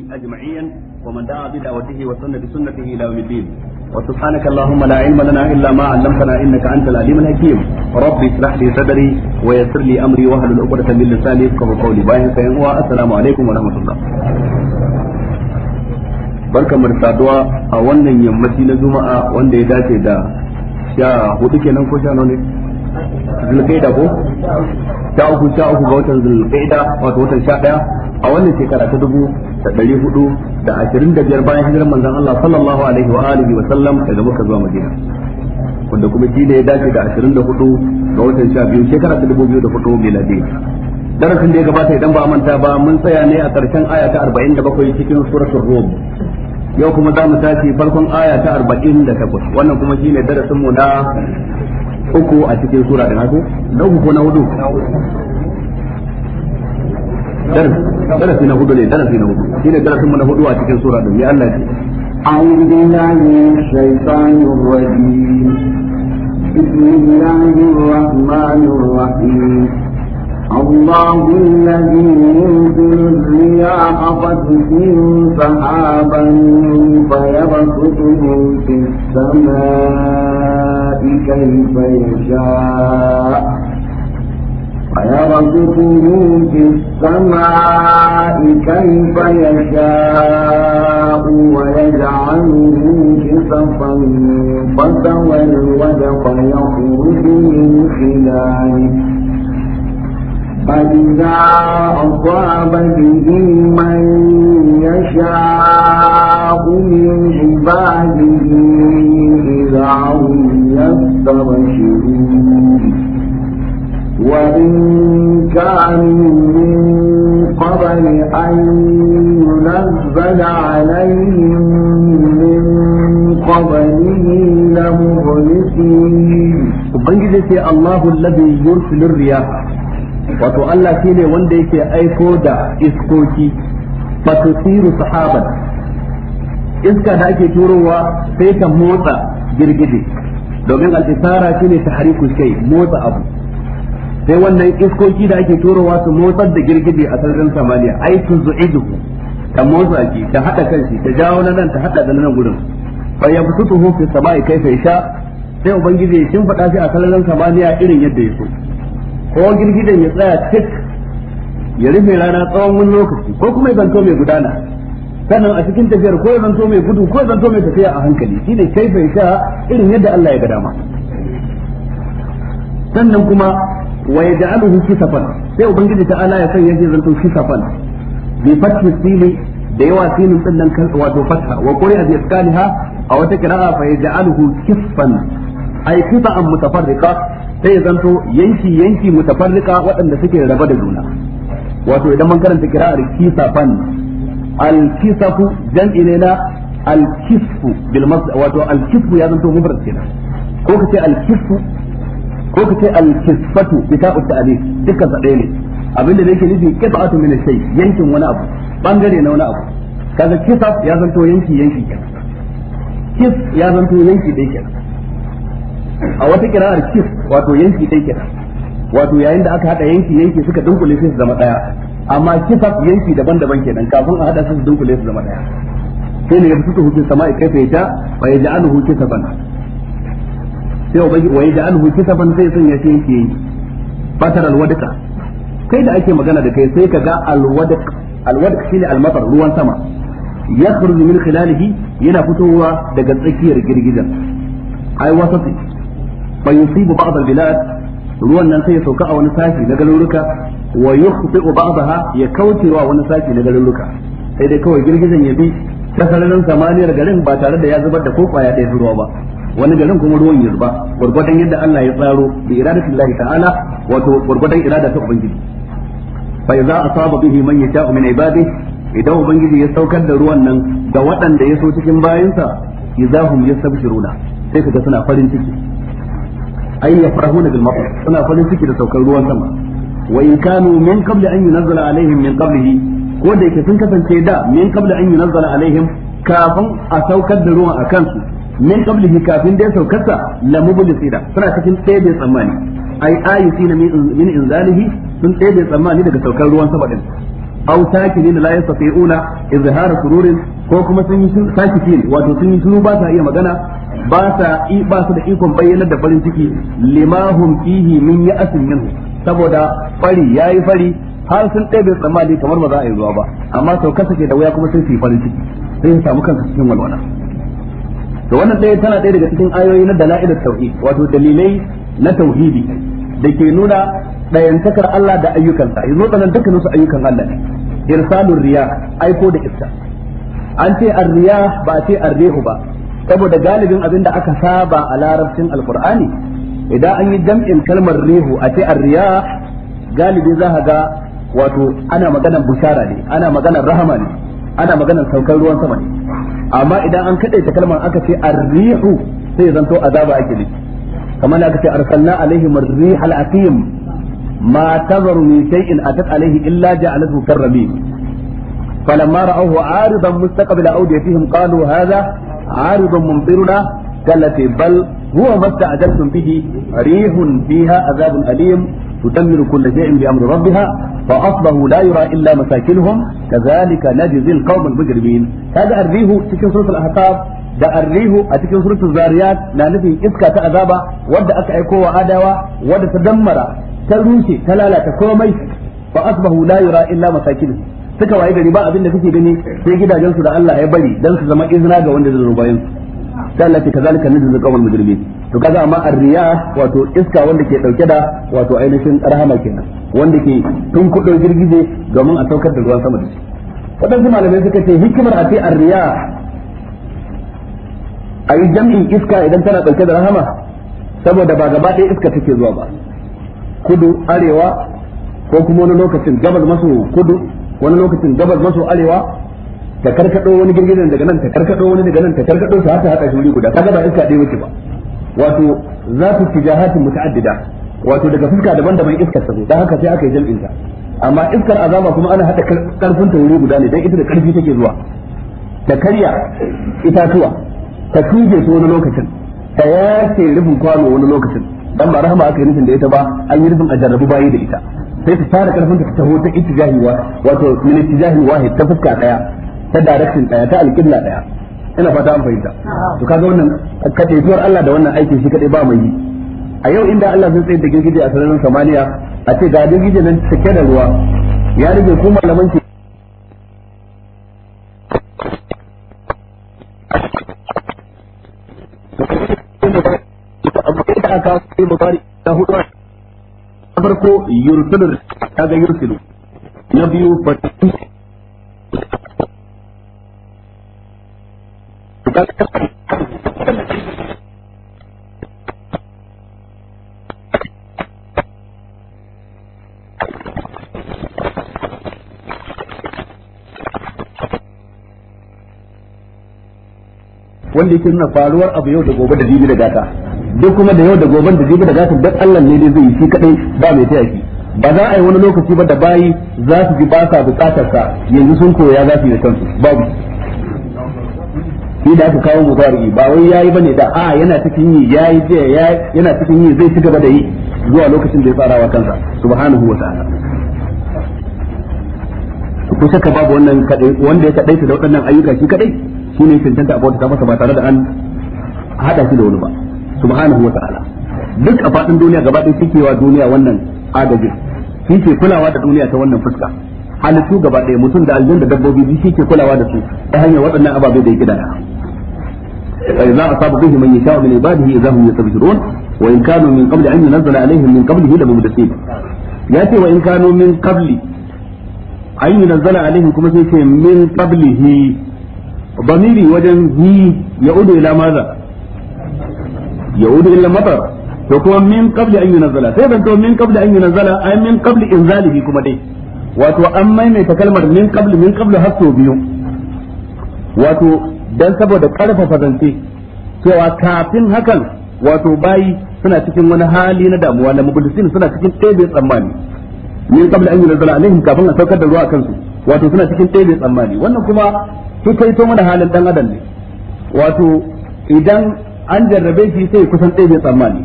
أجمعين ومن دعا بدعوته وسن بسنته إلى يوم الدين وسبحانك اللهم لا علم لنا إلا ما علمتنا إنك أنت العليم الحكيم رب اشرح لي صدري ويسر لي أمري واهل عقدة من لساني يفقهوا قولي باين فينوا السلام عليكم ورحمة الله barkan mu saduwa a wannan yammaci na juma'a wanda ya dace da sha hudu kenan ko sha ne zulkaida ko sha uku sha uku ga watan zulkaida wato watan sha daya a wannan shekara ta dubu da ɗari hudu da ashirin da biyar bayan hijirar manzon Allah sallallahu alaihi wa alihi wa sallam daga muka zuwa Madina wanda kuma shi ne ya dace da ashirin da hudu ga watan sha biyu shekara ta dubu biyu da hudu miladi darasin da ya gabata idan ba manta ba mun tsaya ne a ƙarshen aya ta arba'in da bakwai cikin suratul rum yau kuma za mu tashi farkon aya ta arba'in da takwas wannan kuma shi darasin mu na uku a cikin sura da na uku ko na hudu darasi na hudu ne darasi na hudu shine darasin mu na hudu a cikin sura din أعوذ بالله من الشيطان الرجيم بسم الله الرحمن الرحيم الله الذي ينزل الرياح فتثير سحابا فيبسطه في السماء كيف يشاء ويرزقه في السماء كيف يشاء ويجعله كسفا فتوى الودق يخرج من خلاله فإذا أصاب به من يشاء من عباده إذا هم يستبشرون وإن كانوا من قبل أن ينزل عليهم من قبله لمبلسين Ubangiji ce Allahu alladhi yursilu riyaha wato Allah ne wanda yake aiko da iskoki siru sahaban iska da ake turowa sai ta motsa girgide domin shi ne ta hariku shay motsa abu sai wannan iskoki da ake turowa su motsar da girgije a sararin samaniya ai su zu'iduhu ta motsa shi ta hada kan shi ta jawo na nan ta hada da nan gurin fa yabsutuhu fi samai kaifa yasha sai ubangiji ya shimfada shi a sararin samaniya irin yadda ya so ko girgijen ya tsaya tik ya rufe rana tsawon wani lokaci ko kuma ya zanto mai gudana sannan a cikin tafiyar ko ya zanto mai gudu ko ya zanto mai tafiya a hankali shine kaifa yasha irin yadda Allah ya ga dama sannan kuma wa yaj'aluhu kisafan sai ubangiji ta ta'ala ya sanya shi zanto kisafan bi fathi sili da yawa sinin din nan kan wato fatha wa qari'a bi iskaliha a wata qira'a fa yaj'aluhu kisfan ay qita'an mutafarriqa sai zanto yanki yanki mutafarriqa waɗanda suke raba da juna wato idan man karanta qira'ar kisafan al-kisafu jam'i ne na al-kisfu bil wato al-kisfu ya zanto mufrad kenan ko kace al-kisfu ko ka ce al-kisfatu kita'u ta'alif dukkan sa ɗaya ne abinda da yake nufi qita'atu min shay yankin wani abu bangare na wani abu kaga kisaf ya zanto yanki yanki kenan kis ya zanto yanki dai kenan a wata kira'ar kis wato yanki dai kenan wato yayin da aka hada yanki yanki suka dunkule sai su zama daya amma kisaf yanki daban-daban kenan kafin a hada su dunkule su zama daya sai ne ya fito hukun sama'i fa ya ja fa ya ja'aluhu kisafan sai bai waye da alhu kisafan sai sun yace yake fatar kai da ake magana da kai sai kaga alwadak alwadak shine almatar ruwan sama ya yakhruju min khilalihi yana fitowa daga tsakiyar girgizan ai wasati fa yusibu ba'd albilad ruwan nan sai ya sauka a wani sashi na garuruka wa yukhti'u ba'daha ya kaucewa wani sashi na garuruka sai dai kawai girgizan ya bi ta sararin samaniyar garin ba tare da ya zubar da kokwaya kwaya ɗaya ruwa ba wani garin kuma ruwan ya zuba gurgurdan yadda Allah ya tsaro bi Allah, ta'ala wato gurgurdan irada ta ubangiji fa idza asaba bihi man yasha'u min ibadihi idan ubangiji ya saukar da ruwan nan ga waɗanda ya so cikin bayansa idahum yastabshiruna sai kaga suna farin ciki ay yafrahuna bil matar suna farin ciki da saukar ruwan sama wa in kanu min qabli an yunzala alaihim min qablihi ko da yake sun kasance da min qabli an yunzala alaihim kafin a saukar da ruwan akan su min qablihi kafin da saukarsa la mublisina suna cikin tsaye tsammani ai ayati na min inzalihi sun tsaye tsammani daga saukar ruwan saba din aw sakinin la yastati'una izhar sururin ko kuma sun yi sakitin wato sun yi shiru ba sa iya magana ba sa i ba su da ikon bayyanar da farin ciki limahum fihi min ya'sin minhu saboda fari yayi fari har sun ɗebe tsammani kamar ba za a yi ruwa ba amma saukar ke da wuya kuma sun fi farin ciki sai su samu kansa cikin walwala to wannan ɗaya tana ɗaya daga cikin ayoyi na dala'ilat tauhid wato dalilai na tauhidi da ke nuna ɗayantakar Allah da ayyukansa yanzu tsanan dukkanin su ayyukan Allah ne irsalur riya aiko da iska an ce arriya ba a ce arrihu ba saboda galibin abin da aka saba a larabcin alqur'ani idan an yi jam'in kalmar rihu a ce arriya galibi za ka ga wato ana maganar bushara ne ana maganar rahama ne ana maganar saukar ruwan sama ne amma idan an kaɗe ta kalmar aka ce arrihu sai zanto azaba ake ne kamar aka ce arsalna alaihim arrih al-aqim ma tazaru min shay'in atat alaihi illa ja'alahu karrami a ra'awhu aridan mustaqbil a qalu hadha aridun mumtiruna kallati bal huwa matta ajartum bihi rihun fiha azabun alim تدمر كل شيء بأمر ربها فأصبحوا لا يرى إلا مساكنهم كذلك نجزي القوم المجرمين هذا الريه تكن سورة الأحقاب da arrihu a cikin suratul zariyat na nufin iska ta azaba wadda aka aiko wa adawa wadda ta dammara ta rushe ta lalata komai fa asbahu la yura illa masakin suka waye gari ba abin da kake gani sai gidajensu da Allah ya bari dan su zama izina ga wanda zai zo bayan su sai Allah ce kazalika najzul qawmal mujrimi to kaga amma arriya wato iska wanda ke dauke da wato ainihin rahama kenan wanda ke tun kudo girgije domin a saukar da ruwan sama da shi wadansu malamai suka ce hikimar a ce arriya riyah ayi jam'in iska idan tana dauke da rahama saboda ba gaba ɗaya iska take zuwa ba kudu arewa ko kuma wani lokacin gabas maso kudu wani lokacin gabas maso arewa ta karkado wani girgizan daga nan ta karkado wani daga nan ta karkado su haka haka shuri guda kaga ba iska ɗaya wuce ba wato za su tijahatin muta'addida wato daga fuska daban-daban iskar ta zo dan haka sai aka yi jam'in amma iskar azama kuma ana hada karfin ta wuri guda ne dan ita da karfi take zuwa ta karya itatuwa ta tuje su wani lokacin ta yace rufin kwano wani lokacin dan ba rahama aka yi nufin da ita ba an yi rufin a jarrabu bayi da ita sai ta fara karfin ta taho ta ittijahi wa wato min ittijahi wahid ta fuska daya ta direction daya ta alƙibla daya ina fata an fahimta to kaga wannan kadaituwar Allah da wannan aikin shi kadai ba mai yi a yau inda Allah zai tsaye da girgije a sararin samaniya a ce ga girgije nan cike da ruwa ya rige ku malaman ke na farko yursilur kaga yursilu na biyu fatu wanda yake nuna faruwar abu yau da gobe da jibi da gata duk kuma da yau da gobe da jibi da gata duk Allah ne dai zai yi shi kadai ba mai taya shi ba za a yi wani lokaci ba da bayi za su ji ba sa bukatar sa yanzu sun koya za su yi da kansu babu shi da aka kawo mudari ba wai yayi bane da a yana cikin yi yayi je yana cikin yi zai ci gaba da yi zuwa lokacin da ya fara wa kansa subhanahu wataala ku saka babu wannan kadai wanda ya kadai da waɗannan ayyuka shi kadai ne cancanta a bauta masa ba tare da an hada shi da wani ba subhanahu wataala duk a fadin duniya gaba ɗaya suke wa duniya wannan agajin shi ke kulawa da duniya ta wannan fuska halittu gaba ɗaya mutum da aljin da dabbobi shi ke kulawa da su ta hanyar waɗannan ababe da ya kidaya إذا أصاب به من يشاء من عباده إذا هم يستبشرون وإن كانوا من قبل أن ينزل عليهم من قبله لمبلسين يأتي وإن كانوا من قبل أن ينزل عليهم كما من قبله ضميري وجن هي يعود إلى ماذا؟ يعود إلى المطر وكما من قبل أن ينزل سيدا من قبل أن ينزل أي من قبل إنزاله كما دي وأتو أما يتكلم من قبل من قبل هكتو بيوم وأتو dan saboda karfafa zance cewa kafin hakan wato bayi suna cikin wani hali na damuwa na mublisin suna cikin ɗebe tsammani ne qabla an nazara alaihim kafin a saukar da ruwa a kansu wato suna cikin ɗebe tsammani wannan kuma su kai to mana halin dan adam ne wato idan an jarrabe shi sai kusan ɗebe tsammani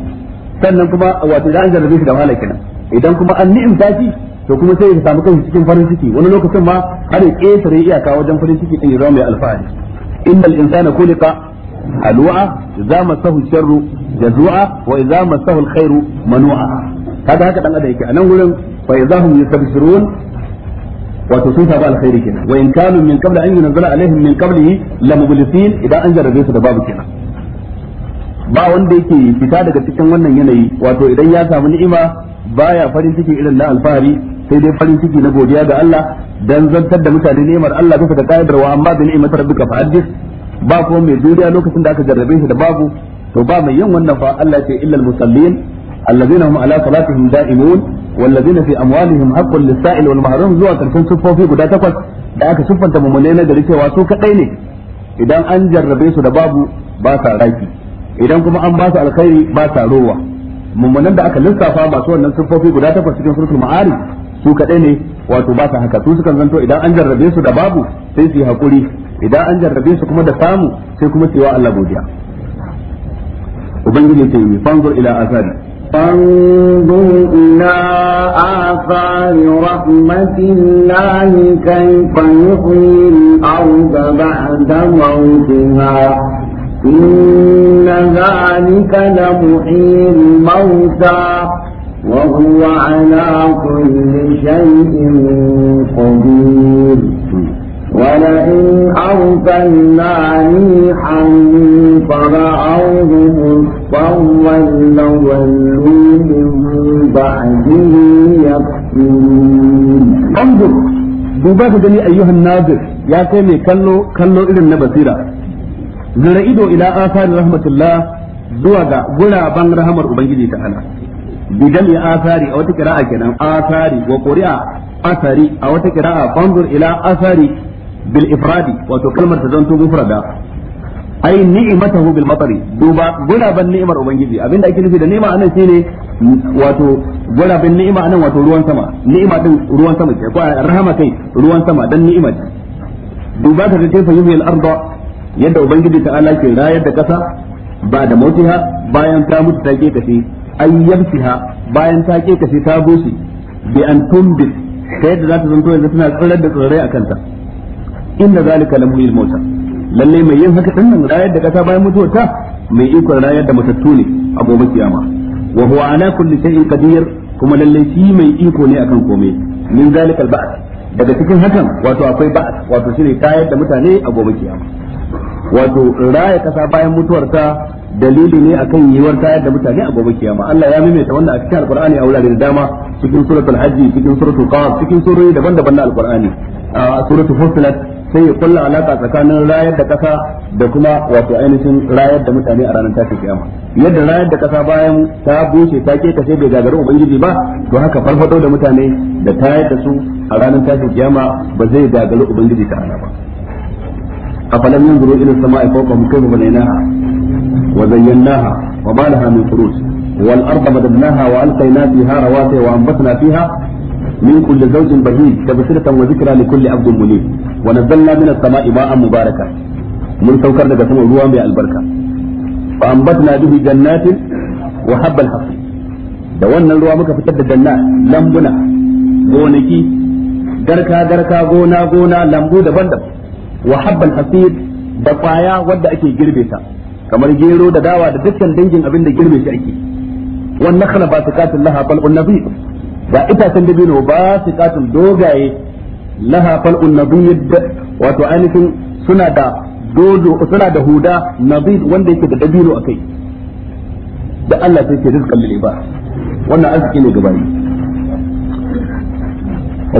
sannan kuma wato idan an jarrabe shi da wahala kenan idan kuma an ni'imta shi to kuma sai ya samu kansa cikin farin ciki wani lokacin ma har ya ƙetare iyaka wajen farin ciki din ya zama mai alfahari innal insana khuliqa alwa'a idza masahu sharru jazua wa idza masahu alkhairu manu'a kaga haka dan ada yake anan gurin fa idza hum yastabshirun wato sun saba alkhairi kenan wa in kanu min qabla an yunzala alaihim min qablihi lamublisin idan an jarrabe su da babu kenan ba wanda yake fita daga cikin wannan yanayi wato idan ya samu ni'ima baya farin ciki irin na alfahari sai dai farin ciki na godiya ga Allah dan zantar da mutane ni'imar Allah bisa ga kaidar wa amma bi ni'imar rabbika fa hadith ba ko mai duniya lokacin da aka jarrabe shi da babu to ba mai yin wannan fa Allah ce illal musallin alladhina hum ala salatihim da'imun walladhina fi amwalihim haqqun lis-sa'il wal mahrum zuwa karshen sufofi guda takwas da aka siffanta mumune na gari cewa su kadai ne idan an jarrabe su da babu ba sa raki idan kuma an ba su alkhairi ba sa rowa mummunan da aka lissafa masu wannan siffofi guda takwas cikin surtul ma'ari su kaɗai ne wato ba su haka su sukan zanto idan an jarrabe su da babu sai su yi hakuri idan an jarrabe su kuma da samu sai kuma cewa Allah godiya ubangiji ta yi fanzur ila asari فانظر إلى آثار رحمة الله كيف يحيي الأرض بعد موتها إن ذلك لمحيي الموتى وهو على كل شيء قدير ولئن أرسلنا ريحا فرأوه مصفرا لولوا من بعده يكفرون انظر duba ka gani ayyuhan nazir ya kai mai kallo irin na basira zira ido ila asari rahmatullah zuwa ga guraben rahamar ubangiji ta'ala bidal ya asari a wata kira'a kenan asari wa quri'a asari a wata kira'a fanzur ila asari bil ifradi wato kalmar ta zanto mufrada ai ni'matahu bil matari duba guraben ni'imar ubangiji abinda ake nufi da ni'ima anan shine wato guraben ni'ima anan wato ruwan sama ni'ima ruwan sama ce ko rahama kai ruwan sama dan ni'ima duba ka ga arda yadda ubangiji ta'ala ke rayar da ƙasa. ba da mautiha bayan ta mutu ta kekashe an yamsiha bayan ta kekashe ta bushe bi an tumbit ta yadda za ta zanto yanzu tana tsirar da tsirrai a kanta inna zalika la muhyil mauta lalle mai yin haka dinnan rayar da kasa bayan mutuwar ta mai ikon rayar da matattu ne a gobe kiyama wa huwa ala kulli shay'in qadir kuma lallai si mai iko ne akan komai min zalika al daga cikin hakan wato akwai ba'a wato shine tayar da mutane a gobe kiyama wato raya kasa bayan mutuwarta dalili ne akan yiwuwar tayar da mutane a gobe kiyama Allah ya maimaita wannan a cikin alqur'ani a wurare da dama cikin suratul hajji cikin suratul qaf cikin surori daban-daban na alqur'ani a suratul fusilat sai ya kulla alaka tsakanin rayar da kasa da kuma wato ainihin rayar da mutane a ranar tashin kiyama yadda rayar da kasa bayan ta bushe ta ke kashe bai gagarin ubangiji ba to haka farfado da mutane da tayar da su a ranar tashin kiyama ba zai gagari ubangiji ta ba afalam yanzuru ila samai fawqahum kayfa banaynaha wa zayyanaha wa ma laha min furuj wal arda badadnaha wa alqayna من كل زوج بهيج تبصرة وذكرى لكل عبد منيب ونزلنا من السماء ماء مباركا من سوكر daga sama ruwa mai albarka fa ambatna bihi jannatin wa habbal da wannan ruwa muka fitar da jannat lambuna gonaki garka garka gona gona lambu daban-daban wa habbal hasid da kwaya wadda ake girbe ta kamar gero da dawa da dukkan dangin abin da girbe shi ake wannan khala basikatun laha fal'un nabi da itacen dabino basikatun dogaye laha fal'un nabi wato ainihin suna da dodo suna da huda nabi wanda yake da dabino akai da Allah sai ke rizqan lil ibad wannan arziki ne gaba ne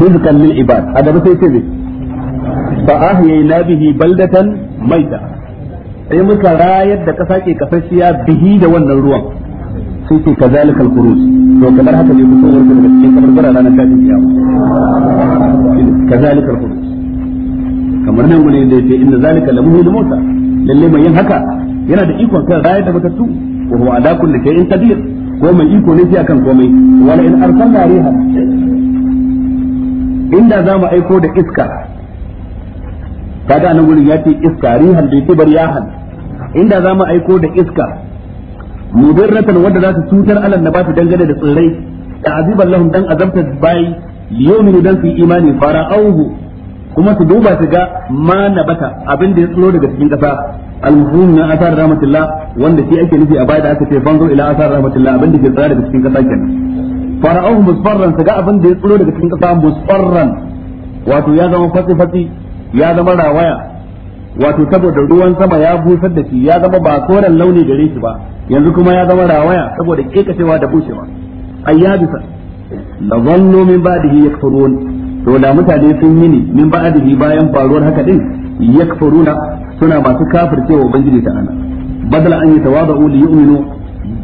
rizqan lil ibad hada sai ce fa ahyayna bihi baldatan maita sai muka rayar da kasa ke kasashiya bihi da wannan ruwan sai ce kazalikal khuruj to kamar haka ne kuka wurin daga cikin kamar bara ranar tashin kiyama kazalikal khuruj kamar nan gune da yake inna zalika la lalle mai yin haka yana da ikon kan rayar da matattu wa huwa ala kulli shay'in qadir ko mai iko ne komai in inda za mu aiko da iska kaga nan gurin ya ce iska rihan da yake yahan inda za mu aiko da iska mudirratan wanda za su cutar alal nabati dangane da tsirrai da ta'aziban lahum dan azabta bayi liyuminu dan su imani fara'auhu kuma su duba su ga ma nabata abin da ya tsiro daga cikin kasa al-muhim na asar rahmatullah wanda shi ake nufi a bai da aka ce banzo ila asar rahmatullah abin da ke tsira daga cikin kasa kenan fara'auhu musfarran su ga abin da ya tsiro daga cikin kasa musfarran wato ya zama fatsi fatsi ya zama rawaya wato saboda ruwan sama ya busar da shi ya zama ba koren launi gare shi ba yanzu kuma ya zama rawaya saboda kekacewa da bushewa ayyabisa la zanno min ba'dihi yakfurun to da mutane sun yi ne min ba'dihi bayan faruwar haka din yakfuruna suna masu kafircewa ubangiji ta ana badala an yi yatawada'u li yu'minu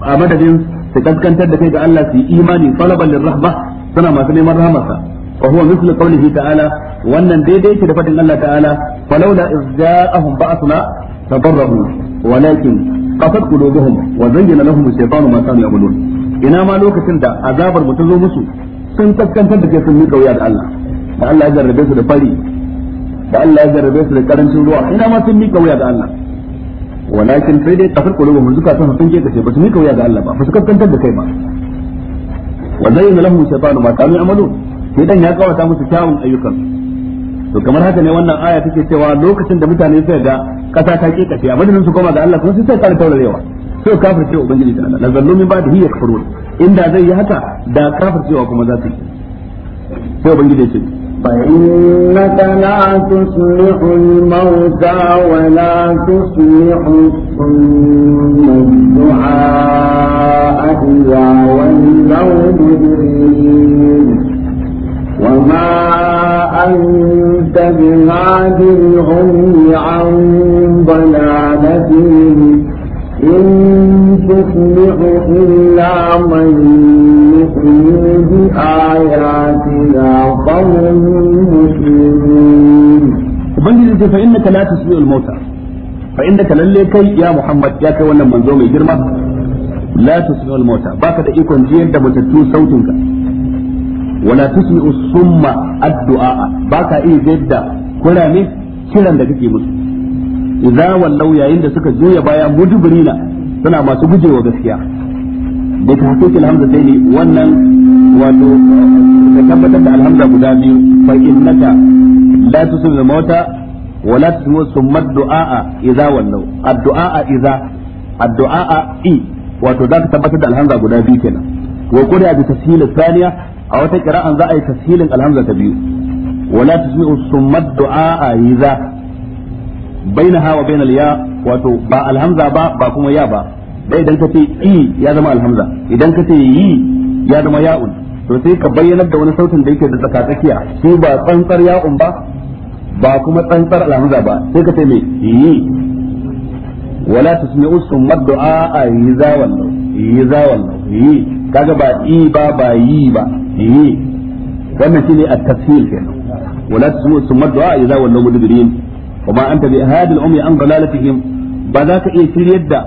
a madadin su kaskantar da kai ga Allah su yi imani talaban lirrahma suna masu neman rahmarsa wa huwa mithlu qawlihi ta'ala wannan daidai yake da fadin Allah ta'ala falawla izza'ahum ba'athuna tadarru walakin qasat qulubuhum wa ina ma lokacin da azabar mu ta zo musu sun da ke sun mika kauya da Allah da Allah ya jarrabe su da fari da Allah ya jarrabe su da karancin ruwa ina ma sun mika kauya da Allah walakin sai dai kafir qulubuhum zukatan sun ke kace ba su mika kauya da Allah ba ba su kaskantar da kai ba wa zayyana lahum shaytanu ma kanu ya'malun shedan ya kawata musu kyawun ayyukan to kamar haka ne wannan aya take cewa lokacin da mutane suka ga kasa ta ke kafiya madadin su koma ga Allah kuma sai sai kare taurarewa sai kafirce ubangiji ta Allah nazallu min ba'di hiya kafurun inda zai yi haka da cewa kuma za su yi sai ubangiji ya ce فإنك لا تسمع الموتى ولا تسمع الصم الدعاء إذا ولوا مجرمين وما أنت بهاد العمي عن ضلالتهم إن تسمع إلا من يؤمن بآياتنا فهم مسلمون ubangiji ce fa innaka la tusmi'ul mauta fa innaka lalle kai ya muhammad ya kai wannan manzo mai girma la tusmi'ul mauta baka da ikon jiyar da matattu sautinka wala tusmi'u summa addu'a baka iya yadda kurame kiran da kake musu idza wallau yayin da suka juya baya mudubirina suna masu gujewa gaskiya da ta hakikil hamza sai ne wannan wato ka tabbatar da alhamza guda biyu fa innaka la tusmi'u mauta wala tusmi'u summa addu'a idza wallau addu'a idza addu'a i wato zaka tabbatar da alhamza guda biyu kenan wa qura bi tashil thaniya a wata kira'an za a yi tashilin alhamza ta biyu wala tasmi'u summa du'a iza bainaha wa bainal ya wato ba alhamza ba ba kuma ya ba dai idan kace i ya zama alhamza idan kace yi ya zama ya'un to sai ka bayyanar da wani sautin da yake da tsakatsakiya shi ba tsantsar ya'un ba ba kuma tsantsar alhamza ba sai ka ce me yi wala tasmi'u summa du'a iza wallahu iza wallahu yi kaga ba i ba ba yi ba eh wannan shine at-tafsil kenan wala tusu summa du'a idza wallu mudbirin wa ma anta bi hadi al-ummi an dalalatihim ba za ka iya shiryar da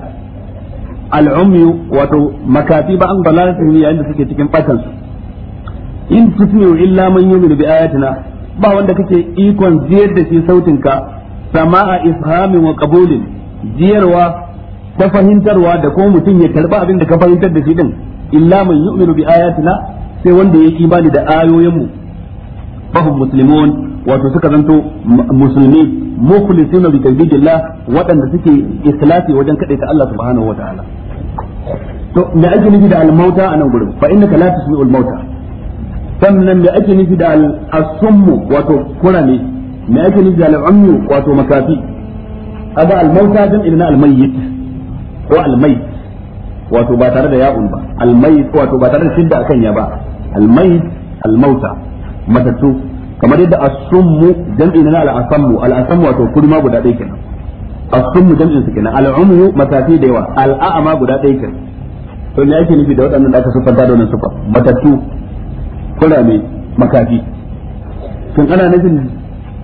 al wato makafi ba an dalalatihim yayin da suke cikin fatan su in tusmi'u illa man yu'minu bi ayatina ba wanda kake ikon ziyar da shi sautinka sama'a ifhamin wa qabulin jiyarwa ta fahimtarwa da kuma mutum ya karba abinda ka fahimtar da shi din illa sai wanda ya imani da ayoyin mu fahum muslimun wato suka zanto musulmi mukhlisina bi tawhidillah waɗanda suke ikhlasi wajen ta Allah subhanahu wataala to me ake nufi da al-mauta anan gurin fa innaka la al mauta sannan me ake nufi da al-asummu wato kurame me ake nufi da al-ummu wato makafi kaga al-mauta dan ilna al-mayyit ko al-mayyit wato ba tare da ya'un ba al-mayyit wato ba tare da shidda akan ya ba almai almauta matatu kamar yadda asummu jam'i na al'asammu al'asammu wato kurma guda ɗaya kenan asummu jam'in su kenan al'ummu matafi da yawa al'a'ama guda ɗaya kenan to me yake nufi da waɗannan da aka siffanta da wannan siffa matatu makafi ana nufin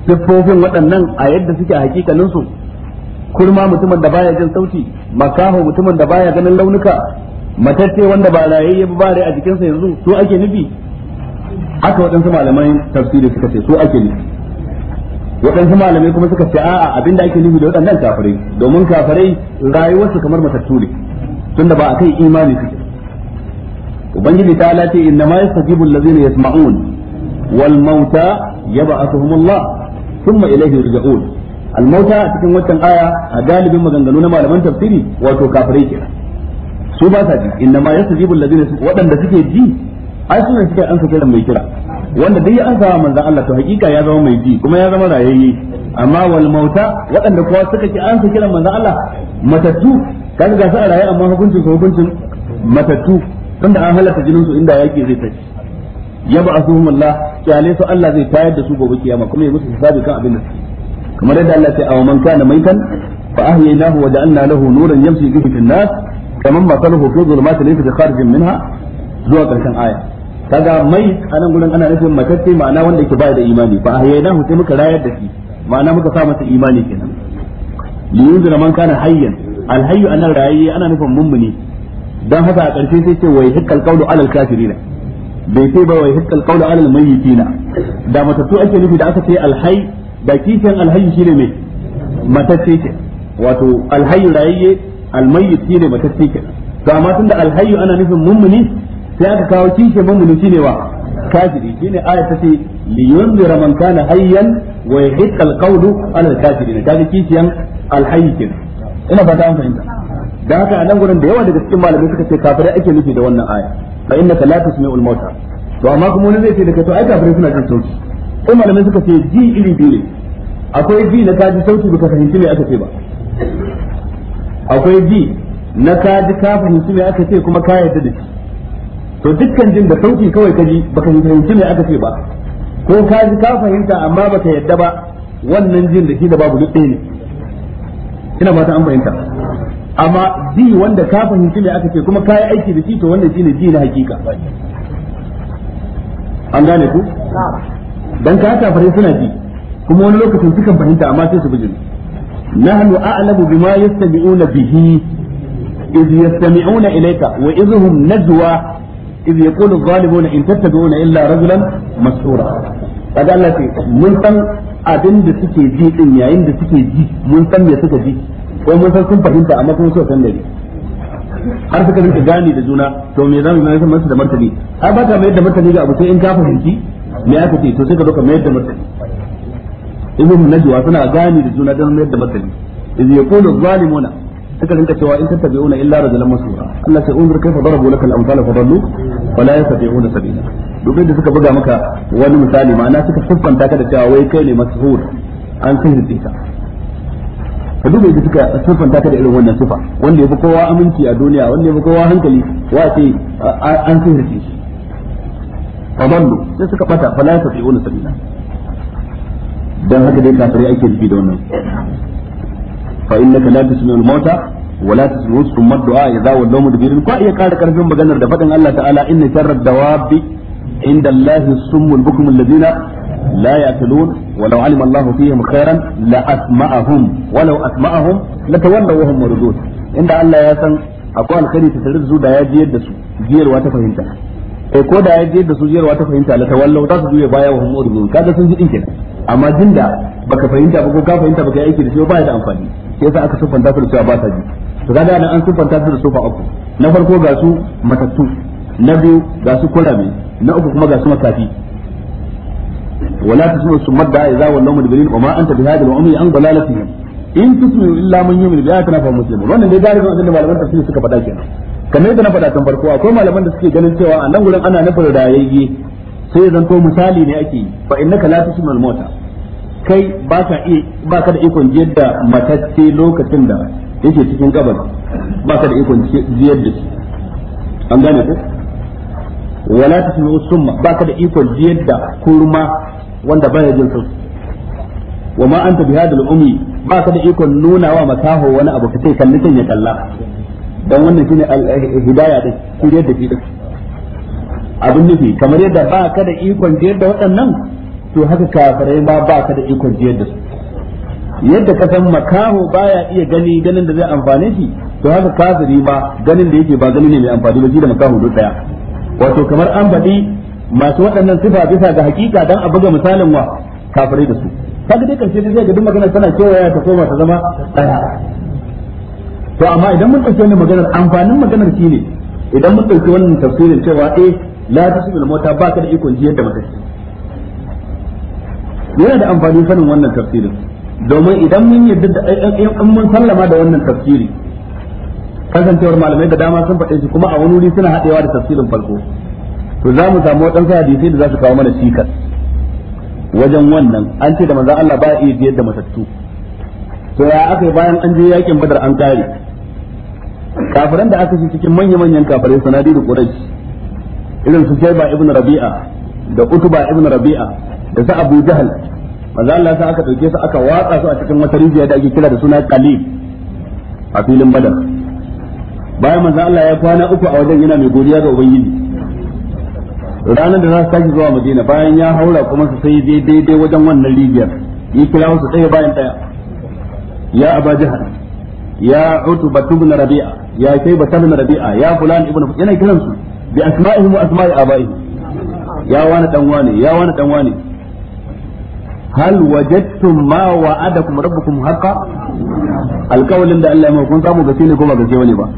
siffofin waɗannan a yadda suke a hakikanin kurma mutumin da baya jin sauti makaho mutumin da baya ganin launuka matacce wanda ba rayayye ba bare a jikinsa yanzu su ake nufi haka waɗansu malamai tafsiri suka ce su ake nufi waɗansu malamai kuma suka ce a'a abinda ake nufi da waɗannan kafirai domin kafirai rayuwarsu kamar matattu ne tunda ba a kai imani suke ubangiji ta lati inna ma yastajibu allazina yasma'un wal mauta yab'athuhum Allah thumma ilayhi yurja'un al mauta cikin wannan aya a galibin maganganu na malaman tafsiri wato kafirai kenan su ba sa ji inna ma yastajibu alladhina waɗanda suke ji ai suna suke ansa kiran mai kira wanda dai ya ansa manzon Allah to hakika ya zama mai ji kuma ya zama rayayye amma wal mauta waɗanda kuwa suka ki ansa kiran manzon Allah Matatu, kaga ga su a raye amma hukuncin su hukuncin matattu tunda an halaka jinin su inda yake zai tafi ya ba asuhum Allah kyale su Allah zai tayar da su gobe kiyama kuma ya musu hisabi kan abin da suke kamar yadda Allah ya ce aw man kana maitan fa ahyaynahu wa ja'alna lahu nuran yamshi bihi fil nas kaman masaluhu fi zulumati laysa bi kharijin minha zuwa karshen aya kaga mai anan gurin ana nufin matacce ma'ana wanda yake bai da imani fa ahyaynahu sai muka rayar da shi ma'ana muka sa masa imani kenan li yunzira man kana hayyan alhayyu anan rayi ana nufin mummuni dan haka a karshe sai ce wai hikkal qawlu alal kafirina bai sai ba wai hikkal qawlu alal mayyitina da matattu ake nufi da aka ce alhayy da kishin alhayy shine mai matacce ce wato alhayyu rayayye almayyit shine matacce kenan to amma tunda alhayyu ana nufin mummuni sai aka kawo kishe mummuni ne wa kafiri ne aya ta ce li yunzira man kana hayyan wa yahiqqa alqawlu ala alkafirin kaga kishiyan alhayy kenan ina fata an fahimta da haka a nan gurin da yawa daga cikin malamai suka ce kafirai ake nufi da wannan aya fa innaka la tusmi'ul mauta to amma kuma wani zai ce daga to ai kafirai suna jin sauti ko malamai suka ce ji iri biyu ne akwai ji na kaji sauti baka fahimci me aka ce ba akwai ji na ka ji ka fahimci me aka ce kuma ka yarda da shi to dukkan jin da sauki kawai ka ji baka fahimci me aka ce ba ko ka ji ka fahimta amma baka yarda ba wannan jin da shi da babu duk ne ina ta an fahimta amma ji wanda ka fahimci me aka ce kuma ka yi aiki da shi to wannan shine ji na hakika an gane ku dan ka kafirai suna ji kuma wani lokacin sukan fahimta amma sai su bijiri nahnu a'lamu bima yastami'una bihi إذ يستمعون إليك وإذ هم نجوى إذ يقول الظالمون إن تتبعون إلا رجلا مسحورا kaga Allah ce mun san abin da suke ji din yayin da suke ji mun san me suka ji ko mun san sun fahimta amma so san dare har suka rinka gani da juna to me zamu mai san masa da martani ai ba mai da martani ga abu sai in ka fahimci me aka ce to sai ka doka mai da martani izhum najwa suna gani da juna don mayar da matsali iz yaqulu zalimuna suka rinka cewa in tattabi'una illa rajulan masura Allah sai unzur kaifa darabu lakal amsala fa dallu wa la yastati'una sabila duk da suka buga maka wani misali ma'ana suka siffanta ka da cewa wai kai ne mashhur an kai da ka duba yadda suka siffanta ka da irin wannan sifa wanda yafi kowa aminci a duniya wanda yafi kowa hankali wa ce an kai da fa dallu sai suka bata fa la yastati'una sabila dan haka dai kafirai ake nufi da wannan fa innaka la tusmi'ul mauta ولا تسمعوا ثم الدعاء اذا ولوا مدبرين كو iya kara karfin maganar da fadin Allah ta'ala inna sharrad dawabi inda Allah summul bukum alladhina la yaqilun walau alima Allah fihim khairan la asma'ahum walau asma'ahum la wa hum muridun inda Allah ya san akwai alkhairi ta tare da su da ya jiyar da su jiyarwa ta fahimta kai eh, ko da ya jiyar da su jiyarwa ta fahimta latawallaw ta su juya baya wa hum muridun kaga sun ji din kenan amma jin da baka fahimta ba ko ka fahimta baka yi aiki da shi ba ya da amfani sai sa aka siffanta su da cewa ba sa ji to kaga nan an siffanta su da sofa uku na farko ga su matattu na biyu ga su kurame na uku kuma ga su makafi Wala ولا تسمع ثم الدعاء اذا ولوا مدبرين ma انت بهذا العمي عن ضلالتهم in tusmi'u illa man yu'minu bi ayatina fa muslimun wannan dai galibin abin da malaman tafsiri suka faɗa kenan kamar yadda na faɗa tun farko akwai malaman da suke ganin cewa a nan gurin ana nufin rayayye sai zan to misali ne ake yi fa innaka la sunan mota kai ba ka iya ba ka da ikon jiyar da matacce lokacin da yake cikin kabar ba ka da ikon jiyar da shi an gane ko wala tusma'u summa ba ka da ikon jiyar da kurma wanda baya jin sosai wa ma anta hadal ummi ba ka da ikon nuna wa makaho wani abu ka sai ya kalla dan wannan shine eh, hidaya din kuriyar da shi abin nufi kamar yadda ba ka da ikon jiyar da waɗannan to haka kafirai ma ba ka da ikon jiyar da su yadda ka san makaho baya iya gani ganin da zai amfane shi to haka kafiri ba ganin da yake ba gani ne mai amfani ba shi da makaho duk daya wato kamar an faɗi masu waɗannan sifa bisa ga hakika dan a buga misalin wa kafirai da su kaga dai karshe sai zai ga duk maganar tana ya ta koma ta zama daya to amma idan mun ɗauke ne maganar amfanin maganar shine idan mun ɗauki wannan tafsirin cewa eh la tasmil mota ba ka da ikon jiyar da matacce yana da amfani sanin wannan tafsirin domin idan mun yadda da eh, eh, mun sallama da wannan tafsiri kasancewar malamai da dama sun faɗe shi kuma a wani wuri suna haɗewa da tafsirin farko to za mu samu waɗansu hadisai da za su kawo mana cikas wajen wannan an ce da manzon Allah ba iya jiyar da matattu to ya aka yi bayan an je yakin badar an kare kafiran da aka shi cikin manya-manyan kafirai sanadi da quraish irin su Shayba ibn Rabi'a da Utba ibn Rabi'a da sa Abu Jahal manzo Allah sai aka dauke su aka watsa su a cikin wata rijiya da ake kira da suna Qalib a filin Badar bayan manzo Allah ya kwana uku a wajen yana mai godiya ga Ubangiji ranar da za su tashi zuwa Madina bayan ya haura kuma su sai daidai wajen wannan rijiyar yi kira su tsaye bayan ɗaya ya Abu Jahal ya Utba ibn Rabi'a ya Shayba ibn Rabi'a ya Fulan ibn yana kiransu bi asma'ihim wa asma'i abaihim ya wani dan wani ya wani dan wani hal wajadtum ma wa'adakum rabbukum haqqan alqawlin da Allah ya kun samu gaske ne ko ba gaske bane ba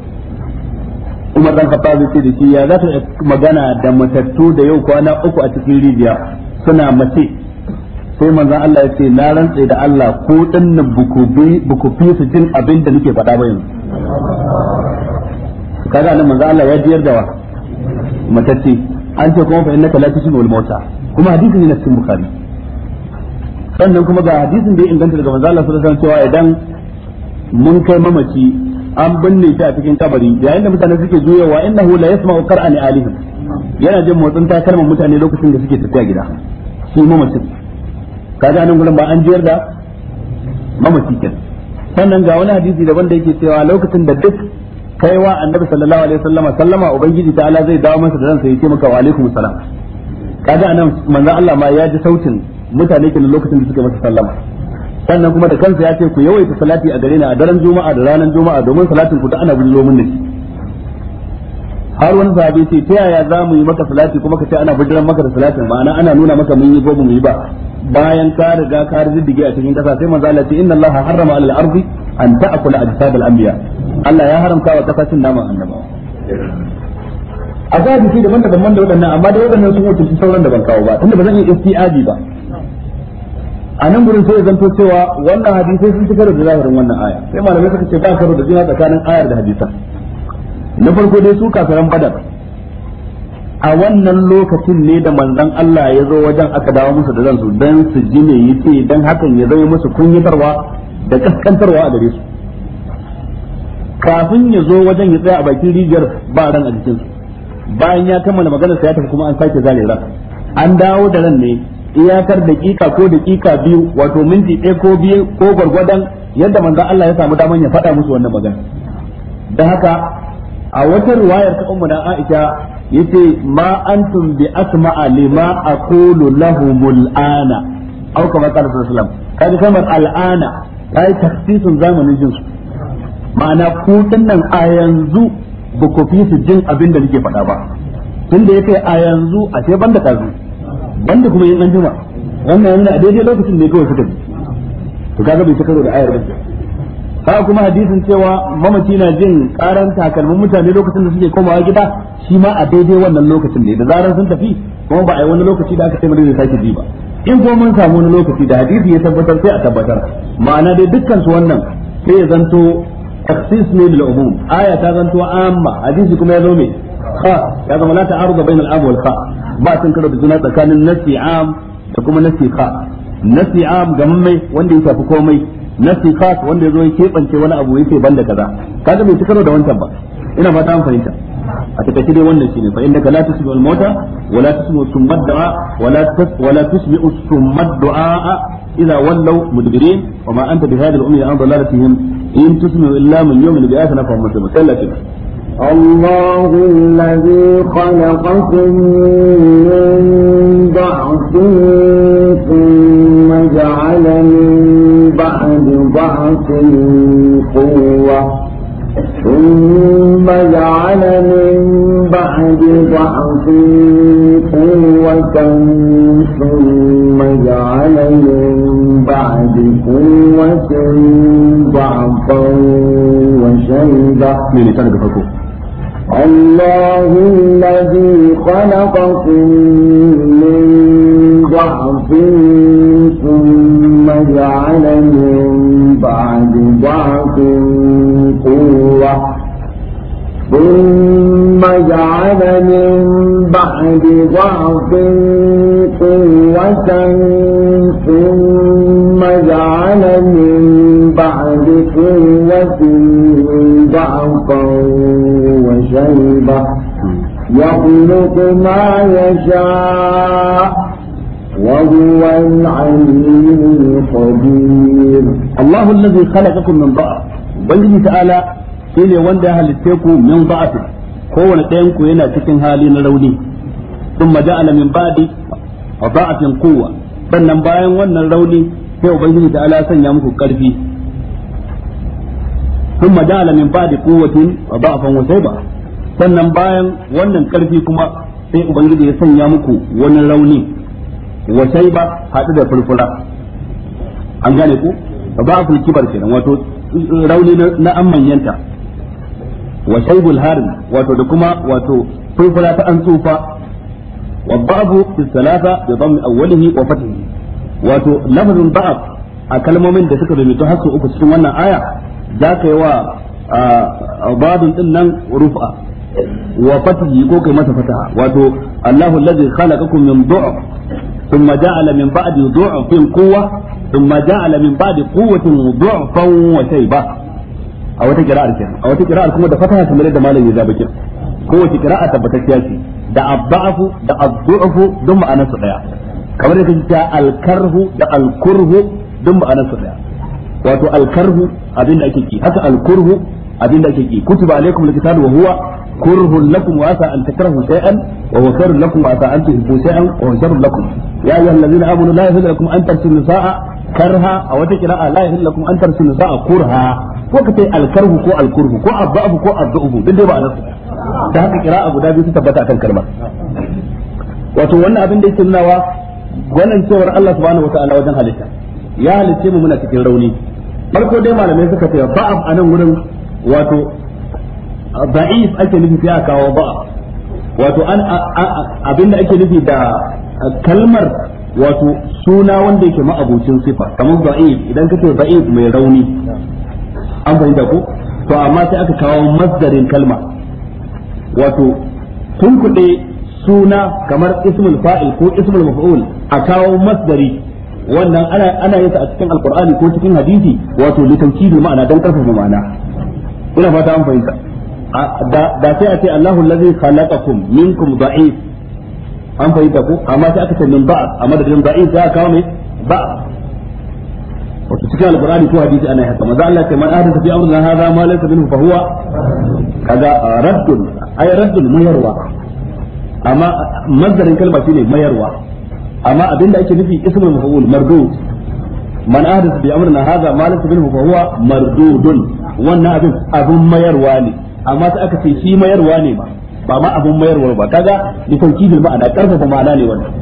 Umar dan Khattab ce da shi ya za ta magana da matattu da yau kwana uku a cikin rijiya suna mace sai manzo Allah ya ce na rantse da Allah ko dan na buku fi su jin abin da nake faɗa ba yanzu kaga nan manzo Allah ya jiyar da wa matacce an ce kuma fa innaka la tusmul mauta kuma hadisin yana cikin bukhari sannan kuma ga hadisin da ya inganta daga manzo Allah sallallahu alaihi wasallam cewa idan mun kai mamaci an binne ta a cikin kabari yayin da mutane suke juyawa innahu la yasma'u qur'ani alihim yana jin motsin takalman mutane lokacin da suke tafiya gida shi mamacin kaga nan gurin ba an jiyar da mamaci kenan sannan ga wani hadisi daban da yake cewa lokacin da duk kai wa annabi sallallahu alaihi wasallama sallama ubangiji ta ala zai dawo masa da ransa ya ce maka wa alaikum salam kaga anan manzon Allah ma ya ji sautin mutane kenan lokacin da suka masa sallama sannan kuma da kansa ya ce ku yawaita salati a gare ni a daren juma'a da ranar juma'a domin salatin ku ta ana bullo min da shi har wani sahabi ce ta yaya za mu yi maka salati kuma ka ce ana bujiran maka da salatin ma'ana ana nuna maka mun yi gobe mu yi ba bayan ka riga ka riddige a cikin kasa sai manzo Allah ce inna Allah harrama alal ardi an akula ajsad al-anbiya Allah ya haramta wa kasa naman annabawa A hadisi daban daban man da waɗannan amma da waɗannan sun wuce sauran da ban kawo ba tunda ba zan yi istiabi ba a nan gurin sai zanto cewa wannan hadisai sun cikar da zahirin wannan aya sai malamai suka ce ba karo da juna tsakanin ayar da hadisa. na farko dai su kafiran badar a wannan lokacin ne da manzon Allah ya zo wajen aka dawo musu da zansu dan su ji ne ce dan hakan ya zama musu kunyatarwa da kaskantarwa a gare su kafin ya zo wajen ya tsaya a bakin rijiyar ba ran a jikinsu bayan ya kammala maganar sa ya tafi kuma an sake zale ran an dawo da ran ne iyakar dakika ko daƙiƙa biyu wato minti ɗaya ko biyu ko gwargwadon yadda manzon Allah ya samu daman ya faɗa musu wannan magana da haka a wata riwayar ta ummu na Aisha yace ma antum bi asma'a lima aqulu lahumul ana aw kama qala sallallahu alaihi wasallam kaji kamar al'ana ai takhsisun zamanin jin su ma'ana ku nan a yanzu ba ku fi su jin abin da nake faɗa ba tunda yake a yanzu a ce banda kazu banda kuma yin an juma wannan yana a daidai lokacin ne kawai suka bi to kaga bai karo da ayar ba kuma hadisin cewa mamaci na jin karan takalmin mutane lokacin da suke komawa gida shi ma a daidai wannan lokacin ne da zarar sun tafi kuma ba a yi wani lokaci da aka ce da zai sake ji ba in ko mun samu wani lokaci da hadisi ya tabbatar sai a tabbatar ma'ana dai dukkan su wannan sai ya zanto taksis ne lil umum aya ta zanto amma hadisi kuma ya zo me kha ya zama la ta'arudu bainal am wal kha ba sun karo da juna tsakanin nasi am da kuma nasi kha nasi am ga mai wanda ya tafi komai nasi kha wanda ya zo ya kebance wani abu yake banda kaza kaga bai ci karo da wancan ba ina fata an fahimta a takaice dai wannan shine fa innaka la tusmi'u al-mauta wa la tusmi'u du'a wa la tas wa la tusmi'u summad du'a idza wallaw mudbirin wa ma anta bihadi al-ummi an dalalatihim in tusmi'u illa man yu'minu bi ayatina fa hum mutamakkilun الله الذي خلقكم من ضعف ثم جعل من بعد ضعف قوه ثم جعل من بعد ضعف قوة ثم جعل من بعد قوة ضعفا وشيبة الله الذي خلقكم من ضعف من بعد ضعف قوة ثم جعل من بعد قوة ضعفا وشيبة يخلق ما يشاء وهو العليم القدير الله الذي خلقكم من ضعف وبنجي تعالى shine wanda ya halitte من min kowane ɗayan ku yana cikin hali na rauni sun maja'ala min ba'di a ba'atin kowa sannan bayan wannan rauni sai ubangiji ta ala sanya muku karfi sun maja'ala min ba'di kowatin a ba'afan wasai ba sannan bayan wannan karfi kuma sai ubangiji ya sanya muku wani rauni wasai ba haɗu da furfura an gane ku ba a fulkibar kenan wato rauni na an manyanta wa shaybul harin wato da kuma wato furfura ta an tsufa wa ba'du fi salasa bi dhamm awwalihi wa fathihi wato lafazin ba'ab a kalmomin da suka rubuta har su uku cikin wannan aya za ka yi wa babun din nan rufa wa fathihi ko kai masa fataha wato Allahu allazi khalaqakum min du'f thumma ja'ala min ba'di du'fin quwwa thumma ja'ala min ba'di quwwatin du'fan wa shayba a wata kira'ar kenan a wata kira'ar kuma da fataha kamar yadda malam ya zaba kin kowace kira'a tabbatacciya ce da abba'afu da abdu'afu don ma'anar su daya kamar yadda kake cewa alkarhu da alkurhu don ma'anar su daya wato alkarhu abinda ake ki haka alkurhu abinda ake ki kutuba alaikum alkitabu wa huwa kurhun lakum wa asa an takrahu shay'an wa huwa khairun lakum wa asa an tuhibbu shay'an wa huwa sharrun lakum ya ayyuhallazina amanu la yahillu lakum an tarsilu nisaa karha aw wata qira'a la yahillu lakum an tarsilu nisaa kurha ko ka ce alkarhu ko alkurhu ko abba'u ko abdu'u duk dai ba anan da haka kira'a guda biyu su tabbata akan kalmar wato wannan abin da yake nunawa wannan cewar Allah subhanahu wataala wajen halitta ya halitta mu muna cikin rauni farko dai malamai suka ce ba'af nan wurin wato da'if ake nufi sai a kawo ba'af wato an abinda ake nufi da kalmar wato suna wanda yake ma'abucin sifa kamar da'if idan kace da'if mai rauni an fahimta ko to amma sai aka kawo masdarin kalma wato tun suna kamar ismul fa'il ko ismul maf'ul a kawo masdari wannan ana ana yin sa a cikin alqur'ani ko cikin hadisi wato litawkidi ma'ana dan karfafa ma'ana ina fata an fahimta da sai a ce Allahu allazi khalaqakum minkum da'if an fahimta ko amma sai aka ce min ba'd a madadin da'if za ka kawo ne ba wato cikin alqur'ani ko hadisi ana haka manzo Allah ce man ahadatha fi amrina hadha ma laysa minhu fa huwa kaga raddun ay raddun mayarwa amma mazdarin kalma shine mayarwa amma abinda ake nufi ismul maf'ul mardud man ahadatha bi amrina hadha ma laysa minhu fa huwa mardudun wannan abin abin mayarwa ne amma sai aka ce shi mayarwa ne ba ba ma abin mayarwa ba kaga ni tawkidul ma'ana karfafa ma'ana ne wannan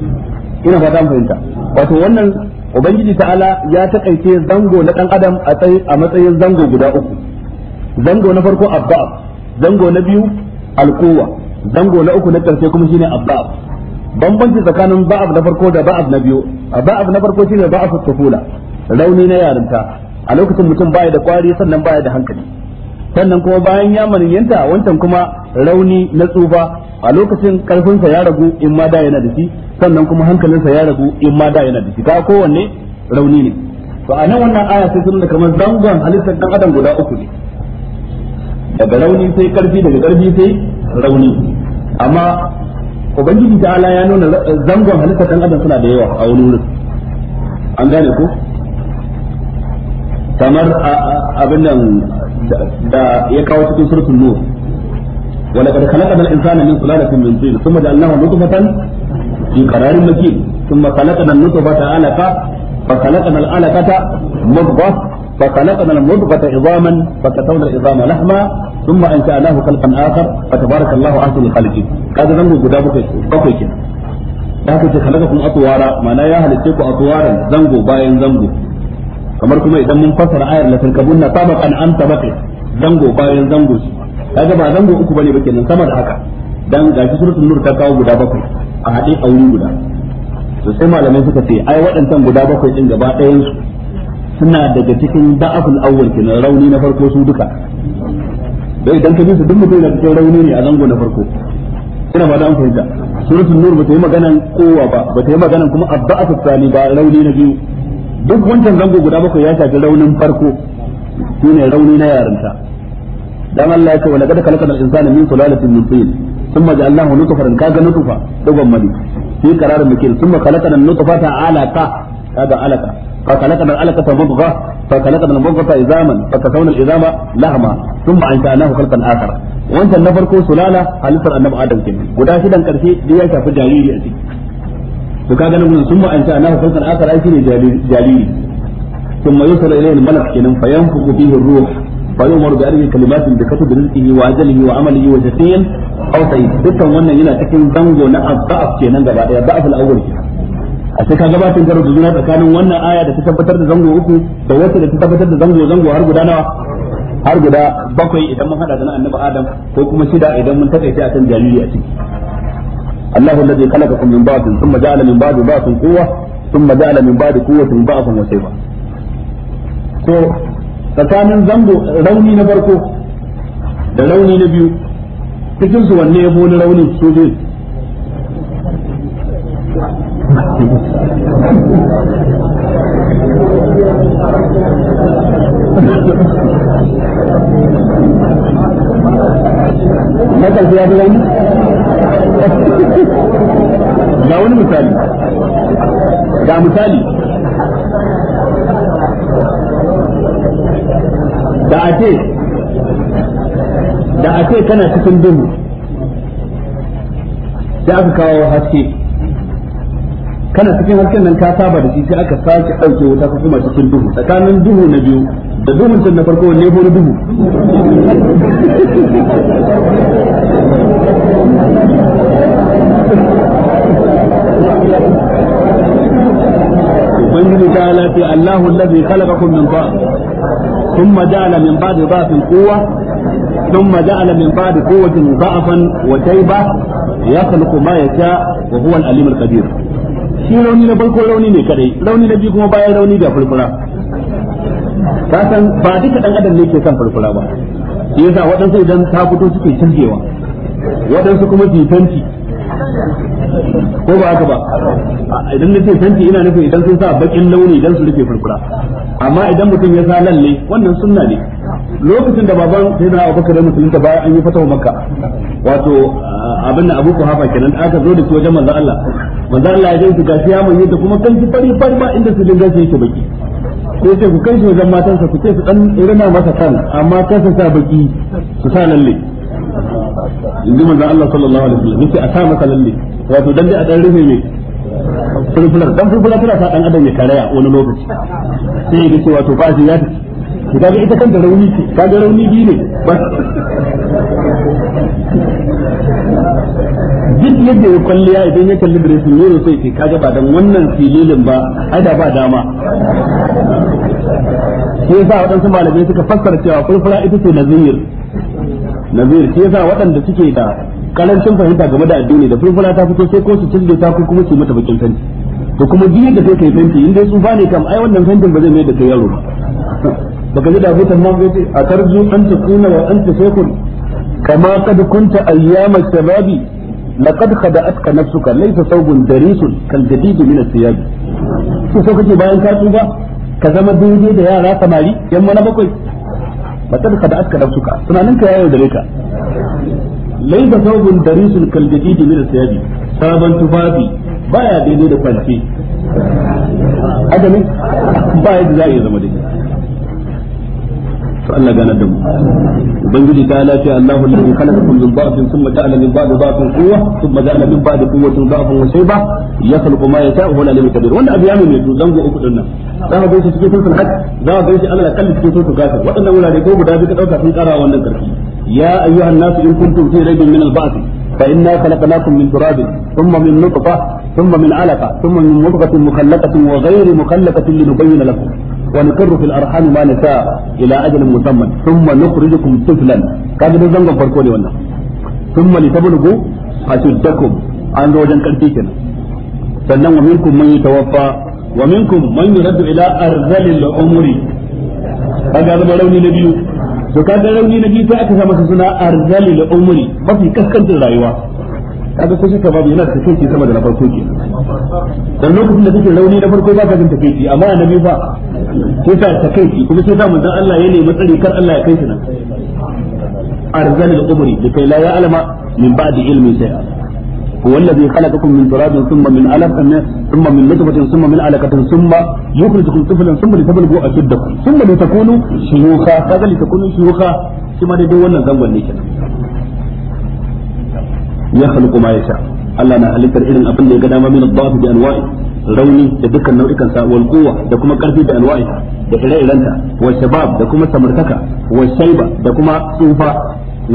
ina fata mun fahimta wato wannan ubangiji ta'ala ya takaice zango na dan adam a tsayi a matsayin zango guda uku zango na farko abba'ab zango na biyu alquwa zango na uku na karshe kuma shine abba'ab bambanci tsakanin ba'ab na farko da ba'ab na biyu ba'ab na farko shine ba'ab tafula rauni na yarinta a lokacin mutum baya da kwari sannan baya da hankali sannan kuma bayan ya manyanta wancan kuma rauni na tsufa a lokacin karfinsa ya ragu in ma da yana da shi sannan kuma hankalinsa ya ragu in ma da yana da shi ka kowanne rauni ne to a nan wannan aya sai sun da kamar zangon halittar dan adam guda uku ne daga rauni sai karfi daga karfi sai rauni amma ubangiji ta ala ya nuna eh, zangon halittar dan adam suna da yawa a wani wurin an gane ko kamar abin nan da ya kawo cikin surfin nur wanda kada kalaka dan insana min kula da kun min tuyi kuma da allahu nutu fatan fi kararin makin sun ma kalaka dan nutu fata alaka fa kalaka dan alaka ta mudba fa kalaka dan mudba ta izaman fa ka tauna izama lahma sun ma insa allahu kalkan akar fa tabaraka allahu ahdun khalifi kada zan guda bukai bakwai kina da haka ce kalaka kun atuwara ma'ana ya halice ku atuwaran zango bayan zango kamar kuma idan mun fasara ayar la tarkabun na tabaqan an tabaqi zango bayan zango shi kaga ba zango uku bane ba kenan sama da haka dan gashi suratul nur ta kawo guda bakwai a hade a wuri guda to sai malamai suka ce ai waɗancan guda bakwai din gaba ɗayan su suna daga cikin da'aful awwal kenan rauni na farko su duka da idan ka su duk mutum yana cikin rauni ne a zango na farko ina ba da an fahimta suratul nur ba ta yi maganan kowa ba ba ta yi maganan kuma abba'atu tsani ba rauni na biyu duk wancan zango guda bakwai ya shafi raunin farko shine rauni na yarinta dan Allah ya ce wa laqad khalaqna al-insana min sulalatin min tin thumma ja'alnahu nutfatan kaga nutfa dogon mali fi qararin mukin thumma khalaqna an-nutfata 'alaqa kaga 'alaqa fa khalaqna al-'alaqata mudghah fa khalaqna al-mudghata izaman fa kasawna al-izama lahma thumma ansha'nahu khalqan akhar wancan na farko sulala halittar annabi adam kenan guda shidan karshe da ya shafi jariri a ciki to ka ganin gurin sun ma'anta ana hukuntar akar aiki ne jariri ثم يوصل اليه الملك كنن فينفخ فيه الروح فيؤمر بأربع كلمات بكتب رزقه وأجله wa وجسين أو سعيد dukkan wannan yana cikin zango na adda'af kenan gaba daya da'af al-awwal kenan a sai ka gabatar da rubutuna tsakanin wannan aya da ta tabbatar da zango uku da wata da ta tabbatar da zango zango har guda nawa har guda bakwai idan mun hada da na annabi adam ko kuma shida idan mun takaice akan jariri a ciki Allahu الذي خلقكم من بعض ثم جعل من بعض ba'sin قوة ثم جعل من بعض قوة ba'san wa tsakanin zango rauni na farko da rauni na biyu cikin su wanne ya rauni su na ƙarfi ya fi wani ga wani misali ga misali da a ce da a ce kana cikin duhu sai aka kawo haske kana cikin harkar nan ka saba da shi sai aka sake ɗauke wuta ko kuma cikin duhu tsakanin duhu na biyu da duhun can na farko wanne hori duhu ubangiji ta lafi Allahu allazi khalaqakum min dha'f thumma ja'ala min ba'di dha'fin quwwa thumma ja'ala min ba'di quwwatin dha'fan wa tayba yakhluqu ma yasha wa huwa al-alim al-qadir shi rauni na farko rauni ne kadai rauni na biyu kuma bayan rauni da furfura ka san ba duka dan adam ne ke san furfura ba shi yasa waɗansu idan ta fito suke canjewa waɗansu kuma su ko ba haka ba idan nake ce fenti ina nufin idan sun sa bakin launi idan su rufe furfura amma idan mutum ya sa lalle wannan sunna ne lokacin da baban sai na abubakar da musulunta bayan an yi fatawa makka wato abin da abu kuhafa kenan aka zo da shi wajen manzo Allah manzo Allah ya ji gashi ya manye da kuma kan shi fari fari ba inda su dinga shi yake baki sai sai ku kai shi wajen matansa su ce su dan irina masa kan amma kansa sa baki su sa lalle in ji manzon Allah sallallahu alaihi wasallam yace a sa masa lalle wato dan dai a dan rufe ne fulfular dan fulfular tana sa dan adam ya karaya wani lokaci sai ya cewa wato ba shi ya ki kaga ita kanta rauni ce kaga rauni biyu ne duk yadda ya kwalliya idan ya kalli dressing mirror sai ce kaga ba dan wannan fililin ba ai da ba dama sai sa waɗansu malamai suka fassara cewa fulfura ita ce nazir nazir shi yasa waɗanda suke da karancin fahimta game da addini da furfura ta fito sai ko su cin ta ko kuma su mata bakin fenti to kuma duk da kai fenti in dai ba ne kam ai wannan fentin ba zai mai da kai yaro ba baka ji da abu tamam bai ce a tarju an suna wa an tashakun kama kad kunta ayyama shababi laqad khada'atka nafsuka laysa thawbun darisun kal jadid min as-siyab to so kake bayan ka ba. ka zama daidai da yara samari yan mana bakwai faqad khada'at ka nafsuka tunanin ka yayin da ka laysa thawbun darisun kal jadid min al-thiyabi sabon tufafi baya daidai da kwanci adami ba yadda za a yi zama daidai to Allah gana da mu ubangiji ta lafiya Allahu alladhi khalaqakum min dha'fin thumma ja'ala min ba'di dha'fin quwwa thumma ja'ala min ba'di quwwatin dha'fan wa shayba yakhluqu ma yasha'u wa la yumlik wannan abu yamin ne to zango uku din za ka gaishe cikin sulhul hajj za ka gaishe Allah kalli cikin sulhul kafir waɗannan wurare ko guda biyu ka dauka sun karawa wannan karfi ya ayyuhan nasu in kuntum fi rajin min al فإنا خلقناكم من تراب ثم من نطفة ثم من علقة ثم من مضغة مخلقة وغير مخلقة لنبين لكم ونقر في الارحام ما نشاء الى اجل مسمى ثم نخرجكم طفلا kaga duk zangon farko ne wannan ثم لتبلغوا أشدكم عند وجن كنتيكنا sannan wa minkum man yatawaffa wa minkum man ila arzalil umri kaga zama rauni na biyu to kaga rauni na biyu sai aka sa masa suna arzalil mafi kaskantar rayuwa kaga ko shi babu yana da takeici sama da na farko ke dan lokacin da kake rauni na farko ba ka jin takeici amma annabi fa sai ta takeici kuma sai ta manzon Allah ya nemi tsare kar Allah ya kai shi nan arzan al-umri da kai la alama min ba'di ilmi shay'a هو الذي خلقكم من تراب ثم من علق ثم من نطفة ثم من علقة ثم يخرجكم طفلا ثم لتبلغوا أشدكم ثم لتكونوا شيوخا هذا لتكونوا شيوخا كما دي wannan zangon ne ya khalqu ma yasha Allah na halittar irin abin da ya ga dama min ad-da'f bi anwa'i rauni da dukkan nau'ikan sa wal quwwa da kuma karfi da anwa'i da ire-irenta wa shabab da kuma samartaka wa shayba da kuma tsufa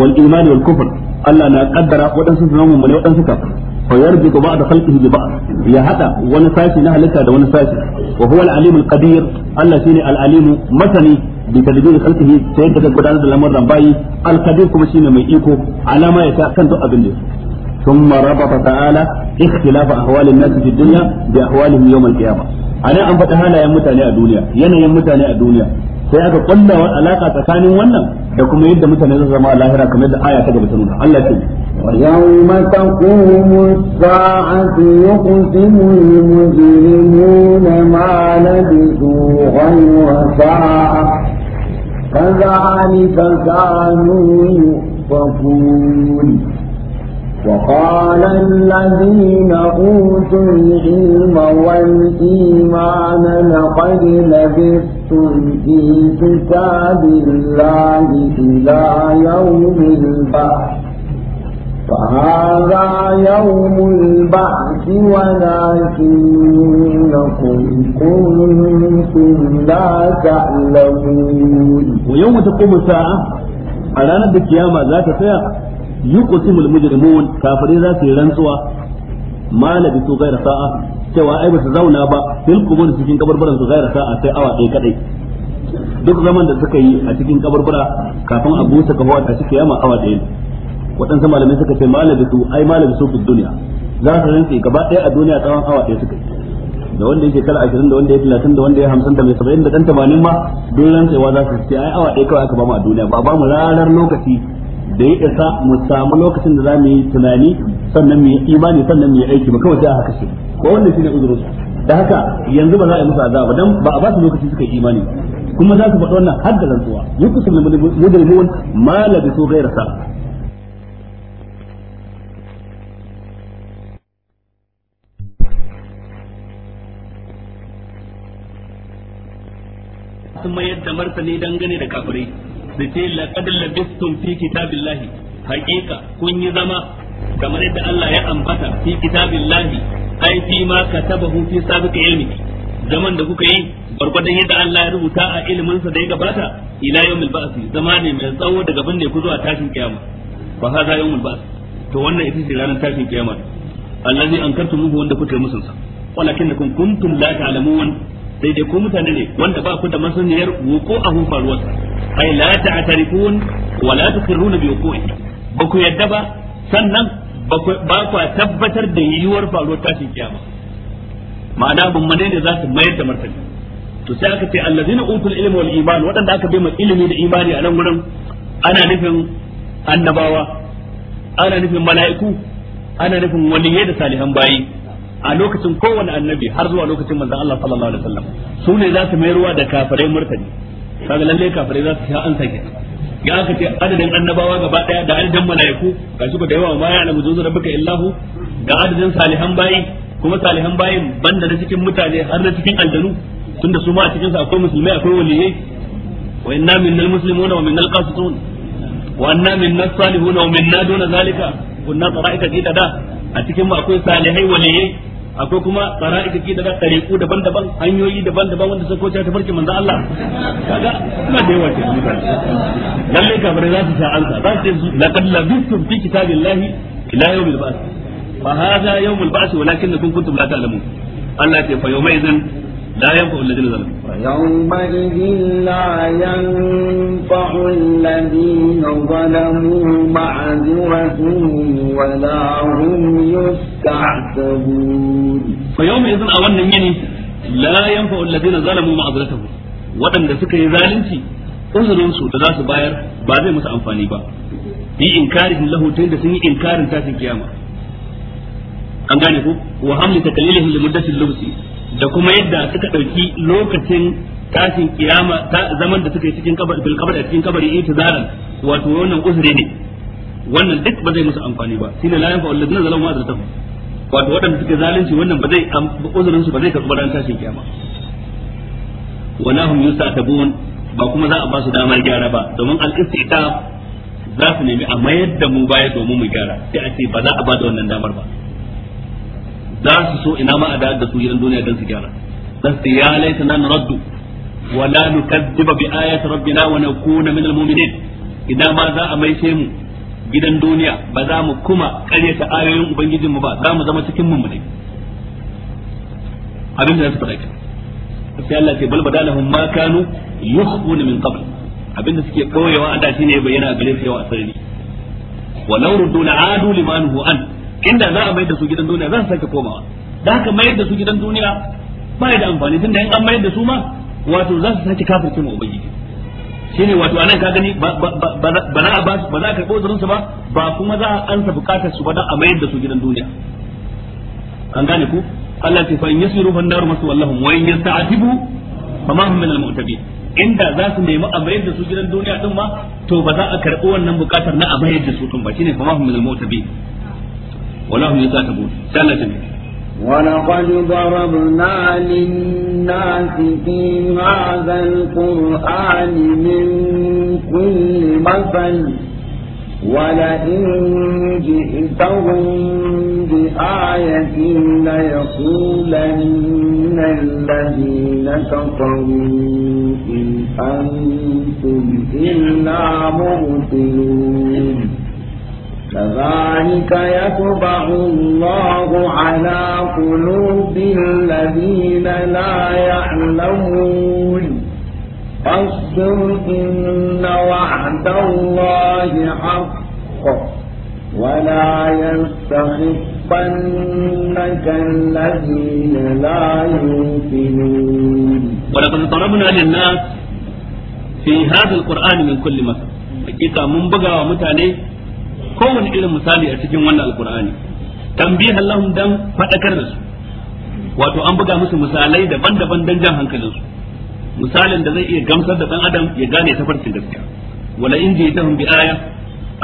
wal imani wal kufr Allah na kaddara waɗansu su zama mummune waɗansu kafir fa yarbitu ba'da khalqihi bi ba'd ya hada wani sashi na halitta da wani sashi wa huwa al-alim al-qadir Allah shine al-alim masani bi tadbir khalqihi sai da gudanar da lamarin bayi al-qadir kuma shine mai iko alama ya ta kan duk abin da ثم ربط تعالى اختلاف احوال الناس في الدنيا باحوالهم يوم القيامه انا ان faɗi halayen mutane a duniya yanayin mutane a duniya sai aka kulla alaka tsakanin wannan da kuma yadda mutane zai zama lahira kamar da aya ta gaba ta nuna Allah ce ويوم تقوم الساعة يقسم المجرمون ما لبثوا غير ساعة كذلك كانوا يؤفكون وقال الذين أوتوا العلم والإيمان لقد لبثتم في كتاب الله إلى يوم البعث فهذا يوم البعث ولكنكم كنتم لا تعلمون ويوم تقوم الساعة على نبي القيامة ذات ساعة yuqsimul mujrimun kafirai za su yi rantsuwa malabi to gaira sa'a cewa ai ba su zauna ba fil qubur cikin kabarbaran su gaira sa'a sai awa ɗaya kadai duk zaman da suka yi a cikin kabarbara kafin a busa kafa ta cikin yama awa ɗaya waɗansu malamai suka ce malabi su ai malabi su fid duniya za su rantsi gaba ɗaya a duniya tsawon awa ɗaya suka yi da wanda yake kala 20 da wanda ya 30 da wanda ya hamsin da mai saba'in da dan tamanin ma duk rantsewa za su ce ai awa ɗaya kawai aka mu a duniya ba bamu rarar lokaci da ya isa mu samu lokacin da za mu yi tunani sannan mu yi imani sannan mu yi aiki ba kawai sai haka ce ko shi ne uzuru da haka yanzu ba za a yi musu azaba dan ba a ba su lokaci suka yi imani kuma za su faɗi wannan har da rantsuwa yukusul mujrimun ma su ghayra sa sun mayar da martani dangane da kafirai da ce laqad labistum fi kitabillahi haqiqa kun yi zama kamar yadda Allah ya ambata fi kitabillahi ai fi ma katabahu fi sabiqi ilmi zaman da kuka yi gwargwadon yadda Allah ya rubuta a iliminsa da ya gabata ila yawmil ba'si zama ne mai tsawo daga binne ku zuwa tashin kiyama fa hadha yawmul ba'si to wannan ita ce ranar tashin kiyama allazi ankartumuhu wanda kuka yi musunsa walakinnakum kuntum la ta'lamun sai dai ko mutane ne wanda ba ku da masaniyar wuko a hun faruwarsa ai la ta'tarifun wa la tuqirruna bi wuqu'ihi ba ku yadda ba sannan ba tabbatar da yiwuwar faruwar tashin kiyama ma'ana mun ne za su mayar da martani to sai aka ce allazina utul ilma wal iman wadanda aka bai ilimi da imani a nan gurin ana nufin annabawa ana nufin mala'iku ana nufin da salihan bayi a lokacin kowane annabi har zuwa lokacin manzon Allah sallallahu alaihi wasallam su ne za su mayarwa da kafirai martani kaga lalle kafirai za su sha an sake ya aka ce adadin annabawa gaba daya da adadin malaiku gashi ko da yawa ma ya alamu juzu rabbika illahu ga adadin salihan bayi kuma salihan bayin banda na cikin mutane har na cikin aljanu tunda su ma a cikin su akwai musulmai akwai waliyai wa inna minnal muslimuna wa minnal qasitun wa anna minnas salihuna wa minna duna zalika kunna qara'ika qida da a cikin mu akwai salihai waliyai akwai kuma tsara'ika ki daga tsariku daban-daban hanyoyi daban-daban wanda sun koce ta farki manzo Allah kaga suna da yawa ke mutane lalle kafirai za su sa ansa za su ce laqad labistum fi kitabillahi ila yawmil ba'th fa hadha yawmul ba'th walakinnakum kuntum la ta'lamun Allah ya ce fa yawma idzin لا ينفع الذين ظلموا يومئذ لا ينفع الذين ظلموا معذرتهم ولا هم يستعتبون فيومئذ أولا يني لا ينفع الذين ظلموا معذرتهم yi zalunci uzurinsu da za su bayar ba zai musu amfani ba yi inkarin lahu tun da sun yi inkarin tashin kiyama an gane ku da kuma yadda suka dauki lokacin tashin kiyama zaman da suka yi cikin kabar bil kabar cikin kabari intizaran wato wannan uzuri ne wannan duk ba zai musu amfani ba shine la yanfa alladhina zalamu azratuhum wato wadanda suke zalunci wannan ba zai uzurin su ba zai karɓi ran tashin kiyama wala hum yusatabun ba kuma za a ba su damar gyara ba domin al-istita za su nemi a mayar da mu baya domin mu gyara sai a ce ba za a ba da wannan damar ba za su so ina ma a da su gidan duniya dan su gyara dan su ya laita nan raddu wa la nukazziba bi ayati rabbina wa nakuna min almu'minin idan ma za a maishe mu gidan duniya ba za mu kuma karyata ayoyin ubangijinmu ba za mu zama cikin mummune abin da su faɗa kenan sai Allah ce bal badalahum ma kanu yukhfuna min qabl abinda suke koyewa a da shine bayyana a gare su yau a sarari wa law ruddu adu liman hu an inda za a mayar da su gidan duniya za su sake komawa da haka mayar da su gidan duniya ba da amfani tunda in an mayar da su ma wato za su sake kafirce mu ubangiji shine wato anan ka gani ba za a ba ba za a karɓo uzurin su ba ba kuma za a ansa bukatar su ba dan a mayar da su gidan duniya an gane ku Allah ce fa in yasiru fa nar masu wallahum wa in yasta'tibu fa ma hum min al-mu'tabin inda za su nemi a mayar da su gidan duniya din ma to ba za a karɓo wannan bukatar na a mayar da su tun ba shine fa ma hum min al-mu'tabin wala hum yusatabun sallatin ولقد ضربنا للناس في هذا القرآن من كل مثل ولئن جئتهم بآية ليقولن الذين كفروا إن أنتم إلا مرسلون كذلك يطبع الله على قلوب الذين لا يعلمون فاصبر إن وعد الله حق ولا يستخفنك الذين لا يوقنون ولقد ضربنا للناس في هذا القرآن من كل مثل حقيقة من بقى ومتعني kowane irin misali a cikin wannan alkur'ani tambihan lahum dan fadakar da su wato an buga musu misalai daban-daban dan jan su. misalin da zai iya gamsar da dan adam ya gane ta farkin gaskiya wala in ji tahum bi aya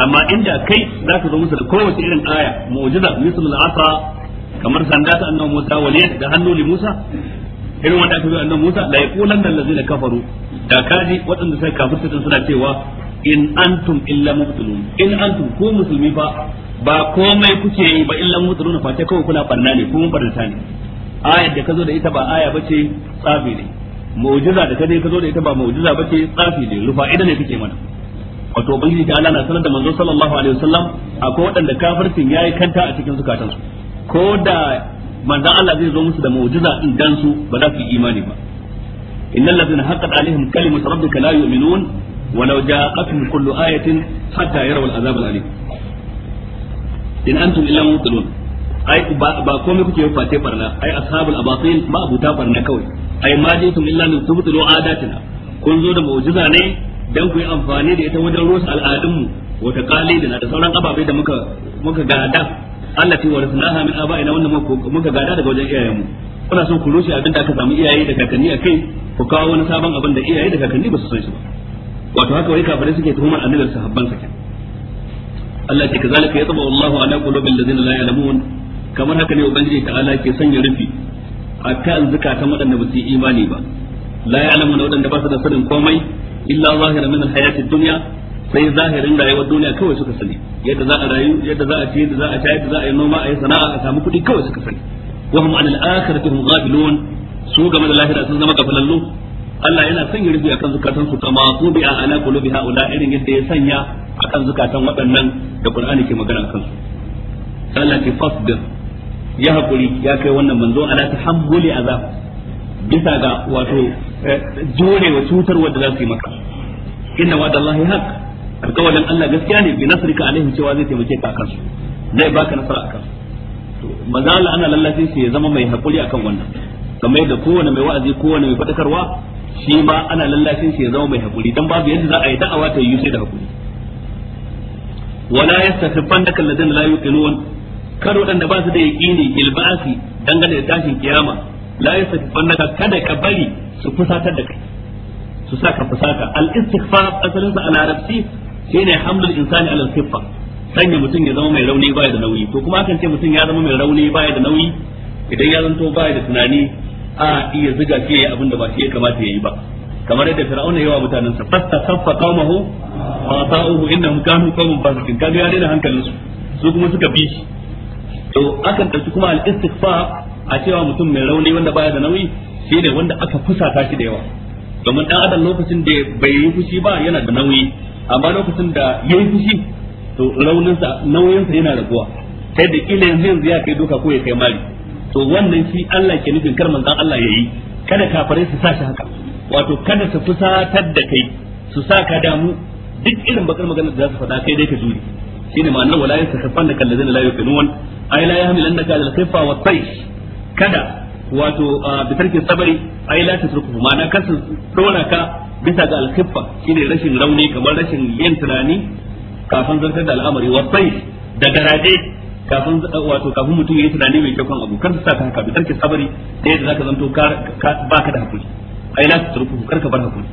amma inda kai zaka zo musu da kowace irin aya mu'jiza al asa kamar sanda ta annabi Musa wale da hannu li Musa irin wanda aka yi annabi Musa la yaqulanna allazina kafaru da kaji waɗanda sai kafirta suna cewa in antum illa mubtulun in antum ku musulmi ba ba komai kuke yi ba illa mubtulun fa ta kawai kuna barna ne kuma barna ne ayar da kazo da ita ba aya bace tsafi ne mu'jiza da ka kazo da ita ba mu'jiza bace tsafi ne rufa idan ne kake mana wato bangi da Allah na sanar da manzo sallallahu alaihi wasallam akwai wadanda kafirtin yayi kanta a cikin su ko da manzo Allah zai zo musu da mu'jiza din dan su ba za su yi imani ba innal ladina haqqat alaihim kalimatu rabbika la yu'minun ولو جاءتهم كل آية حتى يروا العذاب الأليم إن أنتم إلا مبطلون ai ba komai kuke yi face barna ai ashabul abatil ma abuta barna kawai ai ma jitum illa min tubtilu adatina kun zo da mu'jiza ne dan ku yi amfani da ita wajen rusa al'adunmu wata kalidina da sauran ababai da muka muka gada Allah ta warasnaha min aba'ina wannan muka gada daga wajen iyayenmu kuna son ku rushe abin da aka samu iyaye da kakanni a kai ku kawo wani sabon abin da iyaye da kakanni ba su san shi ba wato haka wai kafirai suke tuhumar annabi da sahabban sa kenan Allah ke kazalika yatba Allahu ala qulubil ladina la ya'lamun kamar haka ne ubangiji ta'ala ke sanya rufi a kan zukatan waɗanda ba su yi imani ba la ya'lamuna waɗanda ba su da sanin komai illa zahiran min al-hayatid dunya sai zahirin rayuwar duniya kawai suka sani yadda za a rayu yadda za a ci yadda za a sha yadda za a yi noma a yi sana'a a samu kuɗi kawai suka sani wa hum anil akhirati hum ghafilun su game da lahira sun zama gafalallu Allah yana sanya rufi akan zukatan su kama su bi a ala qulubi haula irin yadda ya sanya akan zukatan waɗannan da Qur'ani ke magana akan su Allah ki fasbir ya haƙuri ya kai wannan manzo ala tahammuli azab bisa ga wato eh, jurewa cutar wanda za su yi maka inna wa'dallahi haqq alƙawalin Allah gaskiya ne bi nasrika alaihim cewa zai taimake ka akan su zai baka nasara akan su maza Allah ana lallacin shi ya zama mai haƙuri akan wannan kamar da kowane mai wa'azi kowane mai fadakarwa shi ma ana lallashin shi ya zama mai hakuri dan babu yadda za a yi da'awa ta yi sai da hakuri wala yastatifannaka alladhina la yuqinun kar wadanda ba su da yaqini ilbasi dangane da tashin kiyama la yastatifannaka kada ka bari su fusatar da kai su saka fusata al istighfar asalin sa a larabci shine hamdul insani ala sifa sanya mutum ya zama mai rauni baya da nauyi to kuma akan ce mutum ya zama mai rauni baya da nauyi idan ya zanto baya da tunani a iya ziga shi yayi abin da ba shi ya kamata yayi ba kamar yadda fir'auna yawa mutanen sa fasta kaffa qaumahu fa ta'uhu innahum kanu qaumun fasikin kaga ya daina hankalin su su kuma suka bi shi to akan dauki kuma al istighfa a cewa mutum mai rauni wanda baya da nauyi shi ne wanda aka ta shi da yawa domin dan adam lokacin da bai yi fushi ba yana da nauyi amma lokacin da yayi fushi to raunin sa nauyin sa yana raguwa sai da ƙila yanzu ya kai doka ko ya kai mali to wannan shi Allah ke nufin kar manzon Allah yayi kada kafirai su sa shi haka wato kada su fusatar da kai su sa ka damu duk irin bakar maganar da za su faɗa kai dai ka juri. shine ma'anar wala da yastakhaffanaka alladhina la yuqinun ay la yahmilannaka al-khifa wa taysh kada wato bi tarkin sabari ai la tasruku ma'ana kar su dora ka bisa ga alkiffa shine rashin rauni kamar rashin yin tunani kafin zartar da al'amari wa sai da daraje. kafin wato kafin mutum yayi tunani mai kyau abu kar sa ka haka bi tarki sabari da yadda zaka zanto ka baka da hakuri ai la tasrufu kar ka bar hakuri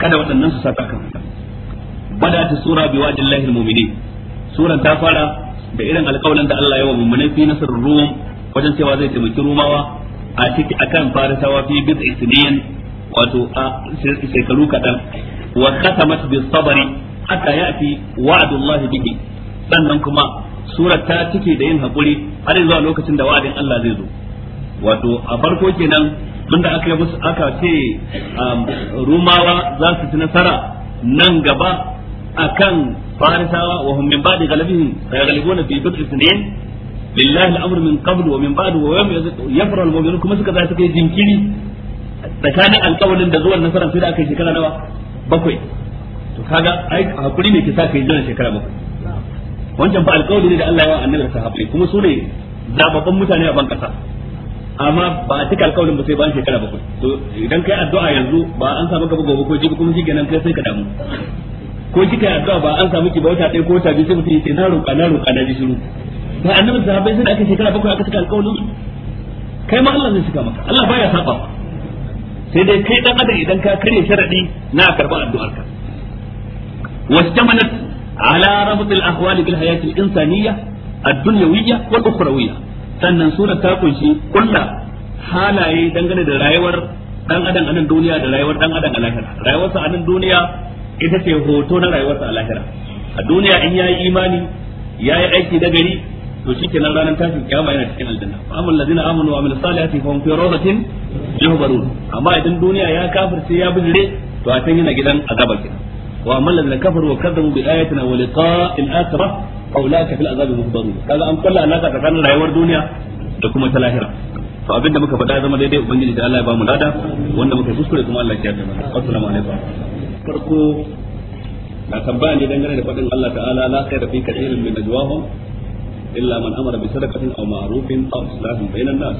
kada waɗannan su saka ka bada'at sura bi wa'di Allahil mu'minin suran ta fara da irin alƙawarin da Allah ya wa mu'minai fi nasrul rum wajen cewa zai taimaki rumawa a ciki akan farisawa fi bid'i sinin wato a shekaru kadan wa khatamat bis sabri hatta ya'ti wa'du wa'adullahi bihi sannan kuma surar ta cike da yin haƙuri har zuwa lokacin da wa'adin Allah zai zo wato a farko kenan tunda aka yi musu aka ce um, rumawa za su ci nasara nan gaba akan farisawa wa hum min ba'di ghalabihim sayaghlibuna fi bid'i sinin lillahi al-amru min qabl wa min ba'd wa yawm yafra al-mu'minun kuma suka za kai jinkiri tsakanin alƙawarin da zuwan nasara sai da aka yi shekara nawa bakwai to kaga ai hakuri ne ke sa kai jira shekara bakwai wancan fa alƙawari ne da Allah ya annabi da sahabbai kuma su ne zababban mutane a ban kasa amma ba a cika alƙawarin ba sai bayan shekara bakwai to idan kai addu'a yanzu ba an samu ka gobe ko jibi kuma shikenan kai sai ka damu ko kika yi addu'a ba an samu ki ba wata ɗaya ko wata biyu sai mutum ya ce na roƙa na roƙa na ji shiru ba annabi da sahabbai sai da aka shekara bakwai aka cika alƙawarin kai ma Allah zai cika maka Allah baya saba sai dai kai dan adam idan ka karya sharadi na karba addu'arka Wasu jama'a ala rabtul ahwal bil hayati al insaniyya ad-dunyawiyya wal ukhrawiyya sannan sura ta kunshi kulla halaye dangane da rayuwar dan adam a nan duniya da rayuwar dan adam a lahira rayuwarsa a nan duniya ita ce hoto na rayuwarsa a lahira a duniya in yayi imani yayi aiki da gari to shi kenan ranar tashin kiyama yana cikin aljanna fa amal ladina amanu wa amil salihati fa hum fi rawdatin yuhbarun amma idan duniya ya kafirce ya bijire to a can yana gidan azaba kenan wa amma alladhina kafaru wa kadzabu bi ayatina wa liqa'il akhirah fa ulaika fil azabi muhdarun kaga an kulla alaka tsakanin rayuwar duniya da kuma ta lahira to abinda muka faɗa zama daidai ubangiji da Allah ba mu lada wanda Allah ya na tambaya ne dangane da faɗin Allah ta'ala la khayra fi kathirin min najwahum illa man amara bi sadaqatin aw ma'rufin aw islahin bainan nas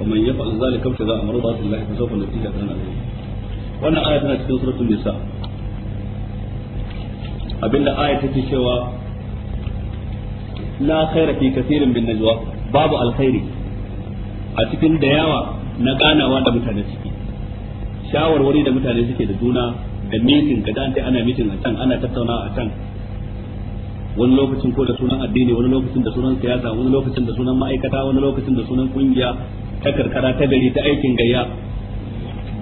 wa man yaf'al dhalika ibtigha'a mardaati Allah fa sawfa nutihi ajran wannan aya tana cikin suratul nisa abinda aya take cewa la khaira fi kathirin bin najwa babu alkhairi a cikin da yawa na ganawa da mutane suke shawarwari da mutane suke da juna da meeting ga dan ana meeting a can ana tattauna a can wani lokacin ko da sunan addini wani lokacin da sunan siyasa wani lokacin da sunan ma'aikata wani lokacin da sunan kungiya ta karkara ta gari ta aikin gayya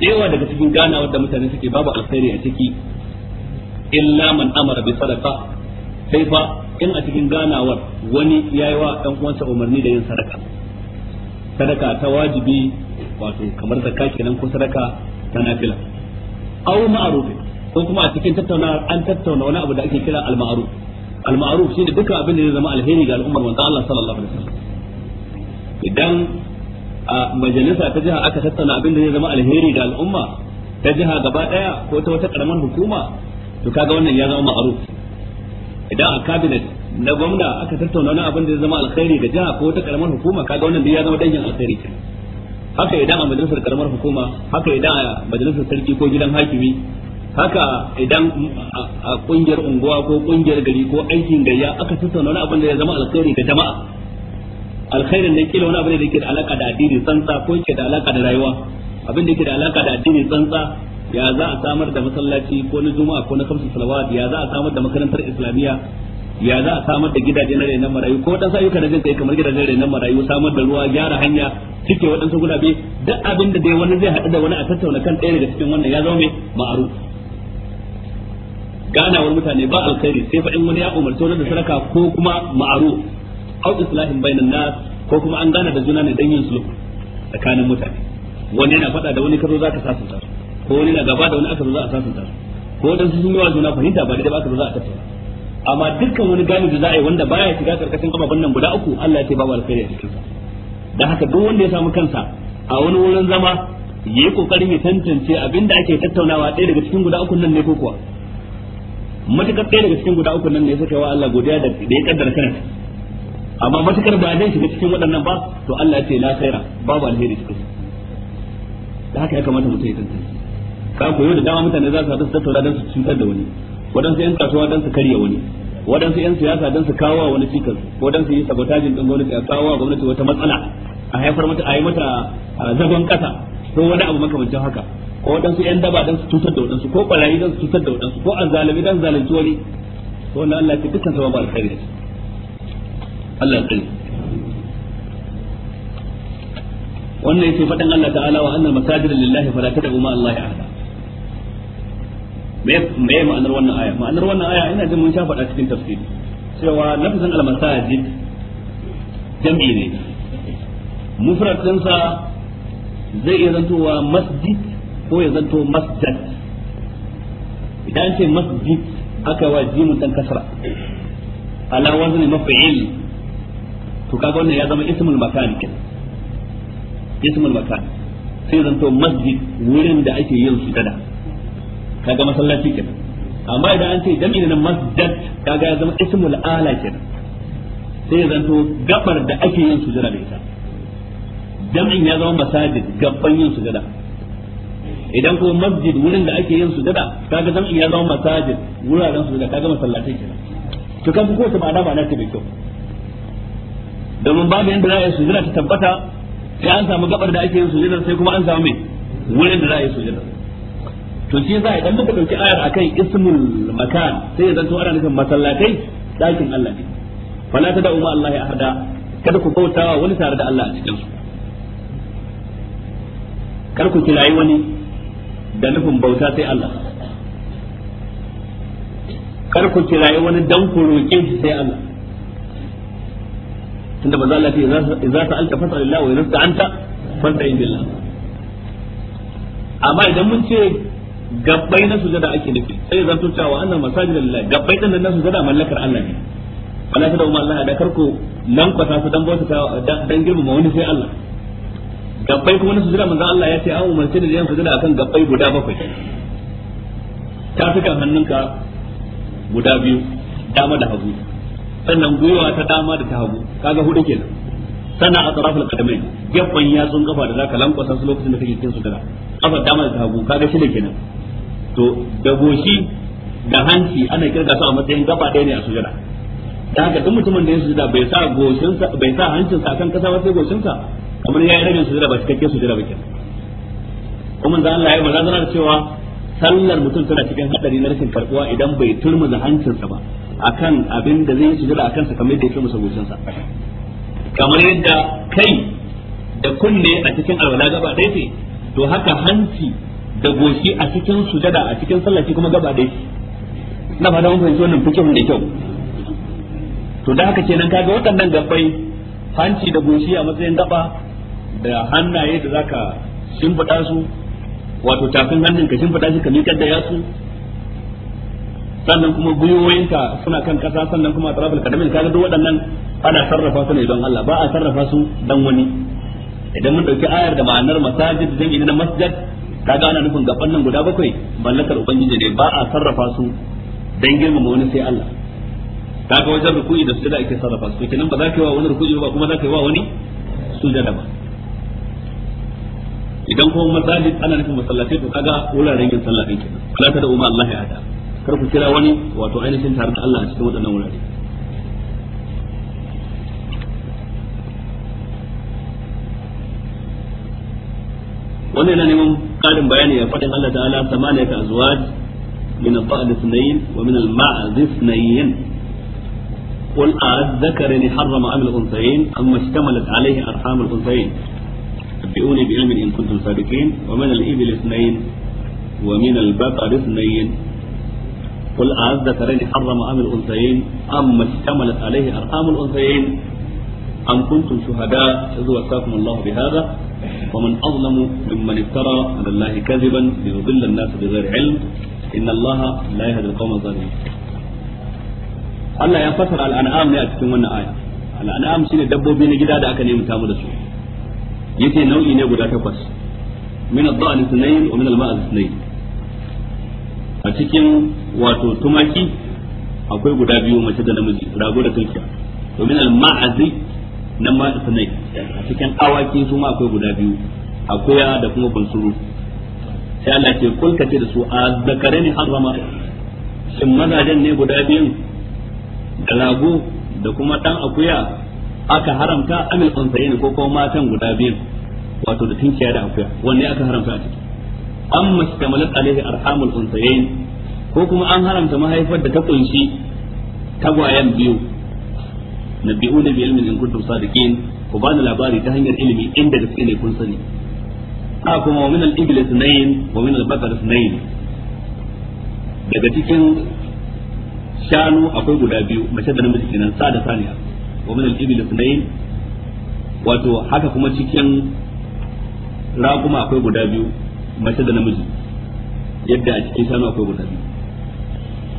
da daga cikin ganawar da mutane suke babu alkhairi a ciki illa man amara bi sadaqa sai fa in a cikin ganawar wani yayi wa dan uwansa umarni da yin sadaka sadaka ta wajibi wato kamar zakka kenan ko sadaka ta nafila aw ma'ruf ko kuma a cikin tattauna an tattauna wani abu da ake kira al-ma'ruf al-ma'ruf shine dukkan abin da zai zama alheri ga al'ummar manzo Allah sallallahu alaihi wasallam idan a majalisa ta jiha aka tattauna abin da zai zama alheri ga al'umma ta jiha gaba daya ko ta wata karamar hukuma to kaga wannan ya zama ma'aruf idan a cabinet na gwamna aka tattauna wani abin da ya zama alkhairi ga jiha ko wata karamar hukuma kaga wannan ya zama danyen alkhairi kenan haka idan a majalisar karamar hukuma haka idan a majalisar sarki ko gidan hakimi haka idan a kungiyar unguwa ko kungiyar gari ko aikin gayya aka tattauna wani abin da ya zama alkhairi ga jama'a alkhairin nan kila wani abin da yake da alaka da addini tsantsa ko yake da alaka da rayuwa abin da yake da alaka da addini tsantsa ya za a samar da masallaci ko na juma'a ko na kamsu salawat ya za a samar da makarantar islamiyya ya za a samar da gidaje na renon marayu ko wadansu ayyuka na jin kai kamar gidajen renon marayu samar da ruwa gyara hanya cike wadansu gulabe duk abin da dai wani zai haɗu da wani a tattauna kan ɗaya daga cikin wannan ya zama mai ma'aru ganawar mutane ba alkhairi sai fa in wani ya umarci wani da sadaka ko kuma ma'aru au islahin bainan nas ko kuma an gana da juna ne dan yin sulhu tsakanin mutane wani yana faɗa da wani kazo zaka sasanta su ko wani na gaba da wani aka za a sasanta ko wani sun yi wa juna fahimta ba da ba aka za a tattauna amma dukkan wani gani da za a yi wanda baya shiga karkashin ababen nan guda uku Allah ya ce babu alkhairi a cikinsa dan haka duk wanda ya samu kansa a wani wurin zama yayi kokarin ya tantance abinda ake tattaunawa ɗaya daga cikin guda uku nan ne ko kuwa matukar ɗaya daga cikin guda uku nan ne suka wa Allah godiya da ya kaddara kanka amma matukar ba zai shiga cikin waɗannan ba to Allah ya ce la khaira babu alheri cikin da haka ya kamata mutum ya tantance ka koyo da dama mutane za su haɗu su tattauna don su cutar da wani waɗansu 'yan kasuwa don su karya wani waɗansu 'yan siyasa don su kawo wani cikas ko don su yi sabotajin ɗin gwamnati a kawo gwamnati wata matsala a haifar mata a yi mata zagon ƙasa ko wani abu makamancin haka ko waɗansu 'yan daba don su cutar da waɗansu ko ɓarayi don su cutar da waɗansu ko azalami don zalunci wani Ko wannan Allah ya dukkan sabon alkhairi Allah ya tsare wannan yake faɗin Allah ta'ala wa annal masajida lillahi fala tad'u ma Allah ahada me ma'anar wannan aya ma'anar wannan aya ina jin mun sha faɗa cikin tafsiri cewa lafazin al-masajid jam'i ne mufrad ɗinsa zai iya zantowa masjid ko ya zanto masjid idan ce masjid aka wa jimin dan kasra ala wazni maf'il to kaga wannan ya zama ismul makan ismul makan sai zanto masjid wurin da ake yin sujada kaga masallaci kenan amma idan an ce jami'in na masjid kaga ya zama ismul ala kenan sai ya zanto gabar da ake yin sujada da ita jam'in ya zama masajid gabban yin sujada idan kuma masjid wurin da ake yin sujada kaga jam'in ya zama masajid wuraren sujada kaga masallatai kenan to kan ko ta ma'ana ma'ana ta bai kyau domin babu yanda za a yi sujada ta tabbata sai an samu gabar da ake yin sujada sai kuma an samu mai wurin da za a yi sujada to shi za a idan muka dauki ayar akan ismul makan sai ya zanto ana nufin masallatai dakin Allah ne fala ta da'u Allah ya hada kada ku bautawa wani tare da Allah a cikin su kar ku kilayi wani da nufin bauta sai Allah kar ku kilayi wani dan ku roƙe shi sai Allah tunda manzo Allah ya ce ta alta fasalillahi wa idza anta fasta'in billah amma idan mun ce gabbai na sujada ake nufi sai zanto cewa wannan masajid lillah gabbai din nan sujada mallakar Allah ne Allah ta da umma Allah da karko nan kwata su dan bauta dan girmama wani sai Allah gabbai kuma na sujada manzo Allah ya ce an umarce da yan sujada akan gabbai guda bakwai ta suka hannunka guda biyu dama da hagu sannan gwiwa ta dama da ta hagu kaga hudu kenan sannan a tsarafin kadamai gefen yatsun kafa da zaka lankwasa su lokacin da kake cikin sujada kafa dama da hagu kaga shi kenan to da goshi da hanci ana kirga su a matsayin gaba ɗaya ne a sujada da haka duk mutumin da ya sujada bai sa goshinsa bai sa sa akan kasa ba sai goshinsa kamar ya yi rabin sujada ba cikakken sujada ba kenan kuma da Allah ya magana da cewa sallar mutum tana cikin hadari na rashin karbuwa idan bai turmuza hancinsa ba akan abin da zai yi sujada akan sa kamar yadda ya turmuza goshinsa kamar yadda kai da kunne a cikin alwala gaba ɗaya ce to haka hanci da goshi a cikin sujada a cikin sallah kuma gaba dai na fata mun fahimci wannan fikin da kyau to da haka kenan kaga waɗannan gabbai hanci da goshi a matsayin gaba da hannaye da zaka shimfiɗa su wato tafin hannun ka shimfiɗa shi ka miƙar da yatsu sannan kuma gwiwoyinka suna kan ƙasa sannan kuma tarafin kadamin kaga duk waɗannan ana sarrafa su ne don Allah ba a sarrafa su dan wani idan mun dauki ayar da ma'anar masajid dan idan masjid kaga ana nufin gaban nan guda bakwai mallakar ubangiji ne ba a sarrafa su dan girmama wani sai Allah kaga wajen ruku'i da sujada ake sarrafa su kenan ba za ka yi wa wani ruku'i ba kuma za ka yi wa wani sujada ba idan kuma masajid ana nufin masallatai to kaga wuraren yin sallah din kenan kula da umma Allah ya hada kar ku kira wani wato ainihin tare da Allah a cikin waɗannan wurare wannan yana neman karin bayani ya fadin Allah ta'ala samaniya ka azwaj min al-ba'd ithnayn wa min al-ma'z ithnayn قل أذكرني حرم أم الأنثيين أم اشتملت عليه أرحام الأنثيين نبئوني بعلم إن كنتم صادقين ومن الإبل اثنين ومن البقر اثنين قل أذكرين حرم أم الأنثيين أم اشتملت عليه أرحام الأنثيين أم كنتم شهداء إذ وساكم الله بهذا ومن أظلم ممن افترى على الله كذبا ليضل الناس بغير علم إن الله لا يهدي القوم الظالمين Allah ya fasara al'an'am ne a cikin wannan aya al'an'am shi ne dabbobi na gida da aka nemi tamu da su yace nau'i ne guda takwas min ad-da'n sunayn wa min al-ma'az sunayn a cikin wato tumaki akwai guda biyu mace da namiji rago da tunkiya Wa min al-ma'azi nan ma isnai a cikin awaki su ma akwai guda biyu akuya da kuma bansuru sai Allah ce kul ka ce da su a har harrama shin mazajen ne guda biyun da rago da kuma dan akuya aka haramta amil unsayin ko kuma matan guda biyun wato da tinkiya da akuya wanne aka haramta a ciki an mastamalat alaihi arhamul unsayin ko kuma an haramta mahaifar da ta kunshi tagwayen biyu nabbi'una bi ilmin in kuntum sadiqin ku bani labari ta hanyar ilimi inda gaske ne kun sani a kuma wa min al-ibli sunayn wa min al-baqar sunayn daga cikin shanu akwai guda biyu mace da namiji kenan sa da saniya wa min al-ibli sunayn wato haka kuma cikin raguma akwai guda biyu mace da namiji yadda a cikin shanu akwai guda biyu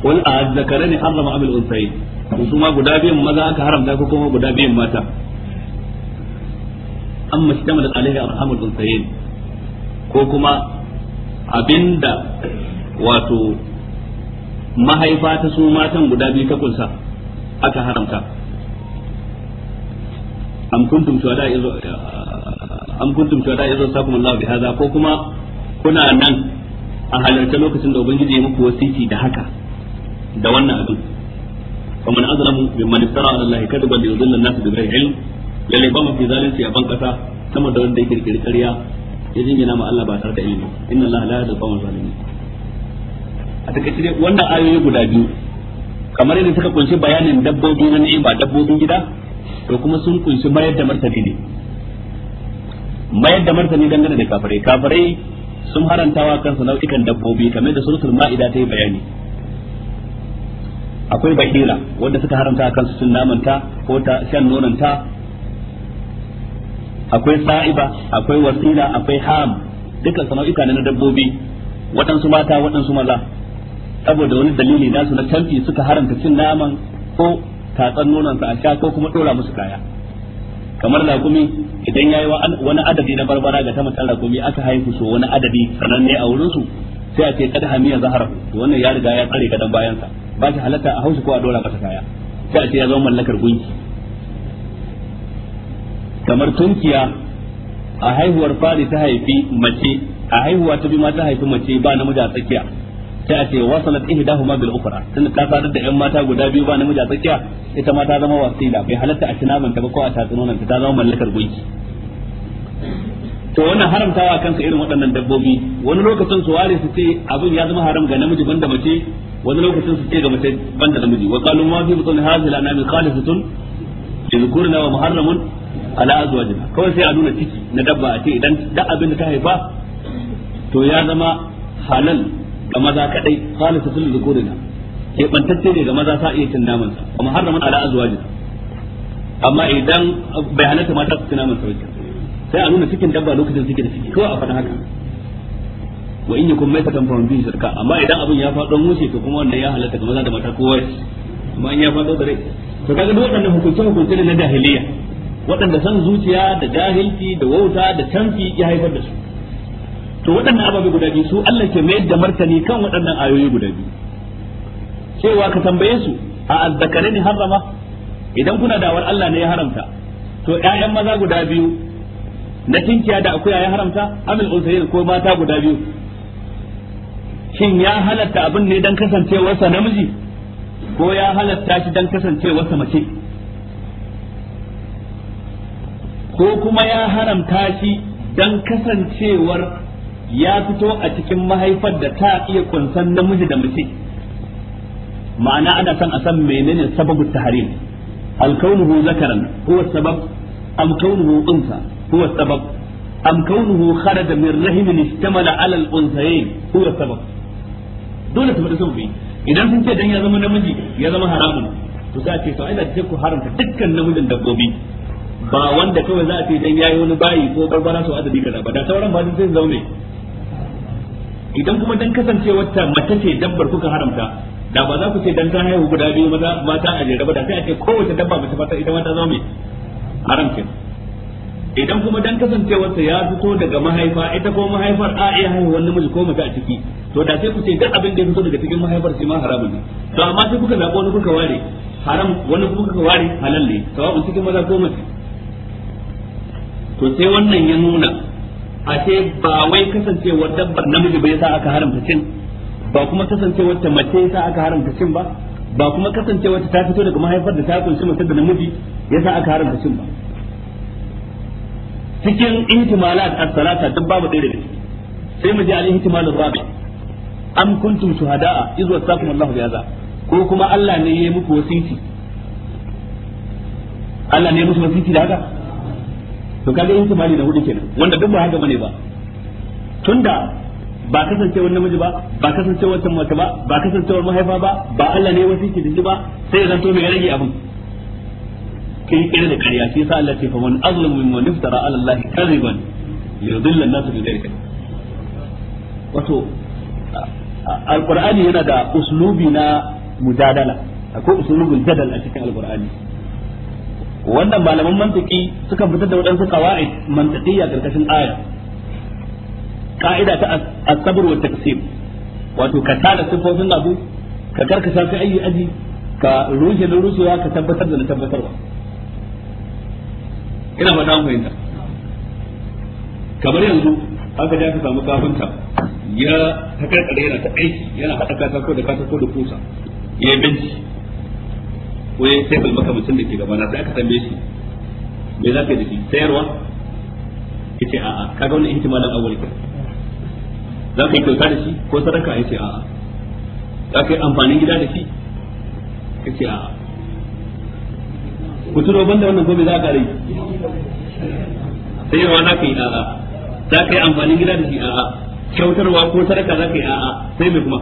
wal azzakara ne harrama amil unsayin ko su ma guda biyan maza aka haramta ko kuma guda biyan mata amma shi mada alaihi arhamul unsayin ko kuma abinda wato mahaifa ta su matan guda biyu ta kunsa aka haramta am kuntum shuhada izo am kuntum shuhada izo sakum Allah bi hada ko kuma kuna nan a halarta lokacin da ubangiji ya muku wasiti da haka da wannan abin wa man azlamu mimman istara ala allahi kadiban li yudilla lalle ba mafi zalunci a ban kasa sama da wanda ya kirkiri ƙarya ya jingina ma da ilimi inna allaha la yahdi al-qawma zalimin ayoyi guda biyu kamar yadda suka kunshi bayanin dabbobi na ni'ima dabbobin gida to kuma sun kunshi mayar da martani ne mayar da martani dangane da kafirai kafirai sun harantawa kansu nau'ikan dabbobi kamar da suratul ma'ida ta yi bayani akwai bakila wanda suka haramta a kansu cin namanta ko ta shan nonanta akwai sa'iba akwai wasila akwai ham duka sana'uka ne na dabbobi waɗansu mata waɗansu maza saboda wani dalili nasu na canfi suka haramta cin naman ko tatsan nonansa a sha ko kuma ɗora musu kaya kamar lagumi idan yayi wani adadi na barbara ga ta mutan rakumi aka haihu so wani adadi sananne a wurinsu sai a ce kada hamiya zahara wannan ya riga ya tsare gadan bayansa ba shi halatta a hausa ko a dora masa kaya sai a ce ya zama mallakar gunki kamar tunkiya a haihuwar fari ta haifi mace a haihuwa ta bi ma ta haifi mace ba namiji a tsakiya sai a ce wasalat ihdahuma bil ukhra tunda ta sadar da yan mata guda biyu ba namiji a tsakiya ita ma ta zama wasila bai halatta a tunamin ta ba ko a tatsunonan ta zama mallakar gunki to wannan haramtawa kansa irin waɗannan dabbobi wani lokacin su ware su ce abin ya zama haram ga namiji banda mace wani lokacin su ce ga mace banda namiji wa qalu ma fi butun hadhihi al-anami khalisatun yadhkurna wa muharramun ala azwajina kawai sai a nuna ciki na dabba a ce idan da abin da ta haifa to ya zama halal ga maza kadai khalisatun yadhkurna ke bantacce ne ga maza sa iya cin naman sa wa muharramun ala azwajina amma idan bai halatta mata su cin naman sa sai a nuna cikin dabba lokacin suke da ciki kawai a faɗa haka wa in yakum mai fa fahimci bihi shirka amma idan abin ya faɗo mushe to kuma wannan ya halatta ga maza da mata kowa amma in ya faɗo da rai to kaga duk waɗannan hukunce hukunce ne na jahiliya waɗanda san zuciya da jahilci da wauta da canfi ya haifar da su to waɗannan ababe guda biyu su Allah ke mayar da martani kan waɗannan ayoyi guda biyu cewa ka tambaye su a azzakare ne harrama idan kuna dawar Allah ne ya haramta to ƴaƴan maza guda biyu na tinkiya da akuya ya haramta amil unsayin ko mata guda biyu shin ya halatta abin ne dan kasancewarsa namiji ko ya halatta shi dan kasancewarsa mace ko kuma ya haramta shi dan kasancewar ya fito a cikin mahaifar da ta iya kunsan namiji da mace ma'ana ana son a san menene sababu tahrim hal kaunuhu zakaran huwa sabab am unsa huwa sabab am kaunuhu kharaja min rahimin istamala ala al unsayayn huwa sabab dole su faɗi sababi idan sun ce dan ya zama namiji ya zama haramun to za a ce to da ku haramta dukkan namijin dabbobi ba wanda kawai za a ce dan yi wani bayi ko barbara su adadi kaza ba da sauran ba sai zama mai idan kuma dan kasancewar ta mace ce dabbar kuka haramta da ba za ku ce dan ta haihu guda biyu mata a jere ba da sai a ce kowace dabba mace fata ita ma ta zama haramcin idan kuma dan kasancewarsa ya fito daga mahaifa ita ko mahaifar a iya wani namiji ko mace a ciki to da sai ku ce duk abin da ya fito daga cikin mahaifar shi ma haramun ne to amma sai kuka zaɓi wani kuka ware haram wani kuma kuka ware halal ne sawa'un cikin maza ko mace to sai wannan ya nuna a ce ba wai kasancewar dabbar namiji bai sa aka haramta cin ba kuma kasancewar ta mace sa aka haramta cin ba ba kuma kasancewar ta fito daga mahaifar da ta kunshi mace da namiji sa aka haramta cin ba cikin ihtimalat as-salata duk babu ɗaya daga sai mu ji al-ihtimal rabi am kuntum shuhada'a iz wasakum Allahu bi ko kuma Allah ne yayi muku wasiti Allah ne musu wasiti da haka to kaga ihtimali na hudu kenan wanda duk ba haka bane ba tunda ba kasancewar namiji ba ba kasancewar mace ba ba kasancewar mahaifa ba ba Allah ne wasiti da shi ba sai ya zanto mai rage abin kai kira da ƙarya sai sa Allah ce fa man azlamu mimman iftara ala Allah kadhiban yudilla an-nas bi dhalika wato alqur'ani yana da uslubi na mujadala akwai uslubul jadal a cikin alqur'ani wannan malaman mantiki suka fitar da waɗansu qawaid mantiqiyya karkashin aya ka'ida ta as-sabr wa taqsim wato ka tada sifofin abu ka karkasa ka ayi aji ka rushe na rushewa ka tabbatar da na tabbatarwa ina fata an fahimta kamar yanzu aka ja ka samu kafinta ya takarkare yana ta aiki yana haɗa katako da katako da kusa ya yi binci ko ya yi tebul mutum da ke gaba na sai aka tambaye shi me za ka yi da shi sayarwa ce a'a Ka wani wannan ihtimalin awwal ka za ka yi kyauta da shi ko sadaka ce a'a za ka yi amfanin gida da shi ce a'a ku turo banda wannan gobe za a kare sai yawa za ka yi a'a za ka yi amfani gida da shi a'a kyautarwa ko sadaka za ka yi a'a sai mai kuma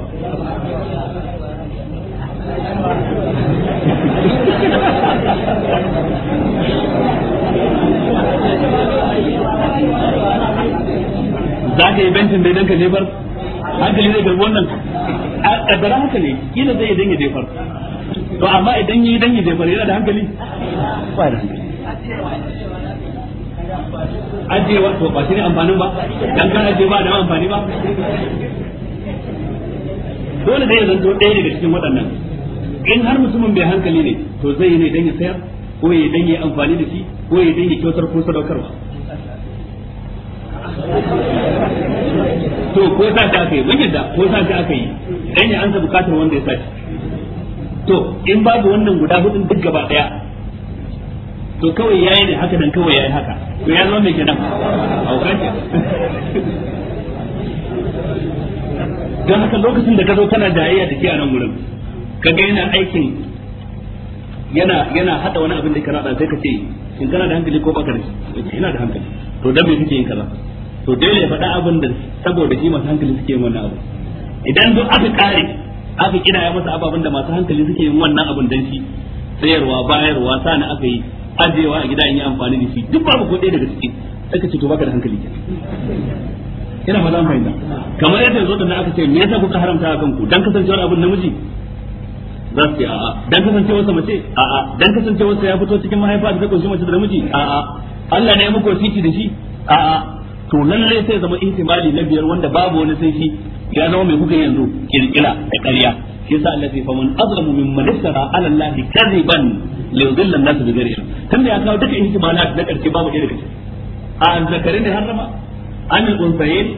za ka yi bencin da idan ka jefar hankali zai ga wannan a ƙaddara haka ne kila zai idan ya jefar to amma idan yi dan yi zai yana da hankali ba da hankali ajewa to ba shi ne amfanin ba dan kan aje ba da amfani ba dole dai ya zanto ɗaya daga cikin waɗannan in har mutumin bai hankali ne to zai yi ne dan ya sayar ko ya dan ya amfani da shi ko ya dan ya kyautar ko sadaukarwa to ko sa ta aka yi mun yadda ko sa ta aka yi dan ya ansa bukatar wanda ya sa to in babu wannan guda hudun duk gaba daya to kawai yayi ne haka dan kawai yayi haka to ya zama mai kenan auka dan haka lokacin da ka zo kana jayayya da ke a nan gurin kaga yana aikin yana yana hada wani abin da kana da sai ka ce in kana da hankali ko baka da shi ina da hankali to dan me kake yin kaza to dole ya faɗa abin da saboda shi masu hankali suke yin wannan abu idan zo aka kare aka ya masa ababen da masu hankali suke yin wannan abin dan shi sayarwa bayarwa sana aka yi ajewa a gida in yi amfani da shi duk babu ko daga ciki aka ce to baka da hankali ina ma zan fahimta kamar yadda yanzu da aka ce me yasa kuka haramta a kanku dan kasancewar abin namiji za su ce a'a dan kasancewar sa mace a'a dan kasancewar sa ya fito cikin mahaifa da take mace da namiji a'a Allah ne ya muku wasiki da shi a'a to lalle sai zama ihtimali na biyar wanda babu wani sai shi ya zama mai kuka yanzu kirkira da ƙarya shi yasa Allah fa man azlamu mimman ala Allah kadiban li yudilla an-nas bi ghairi ilm tunda ya kawo duka na karshe babu ɗaya daga a an zakarin ne harrama an al-unsayin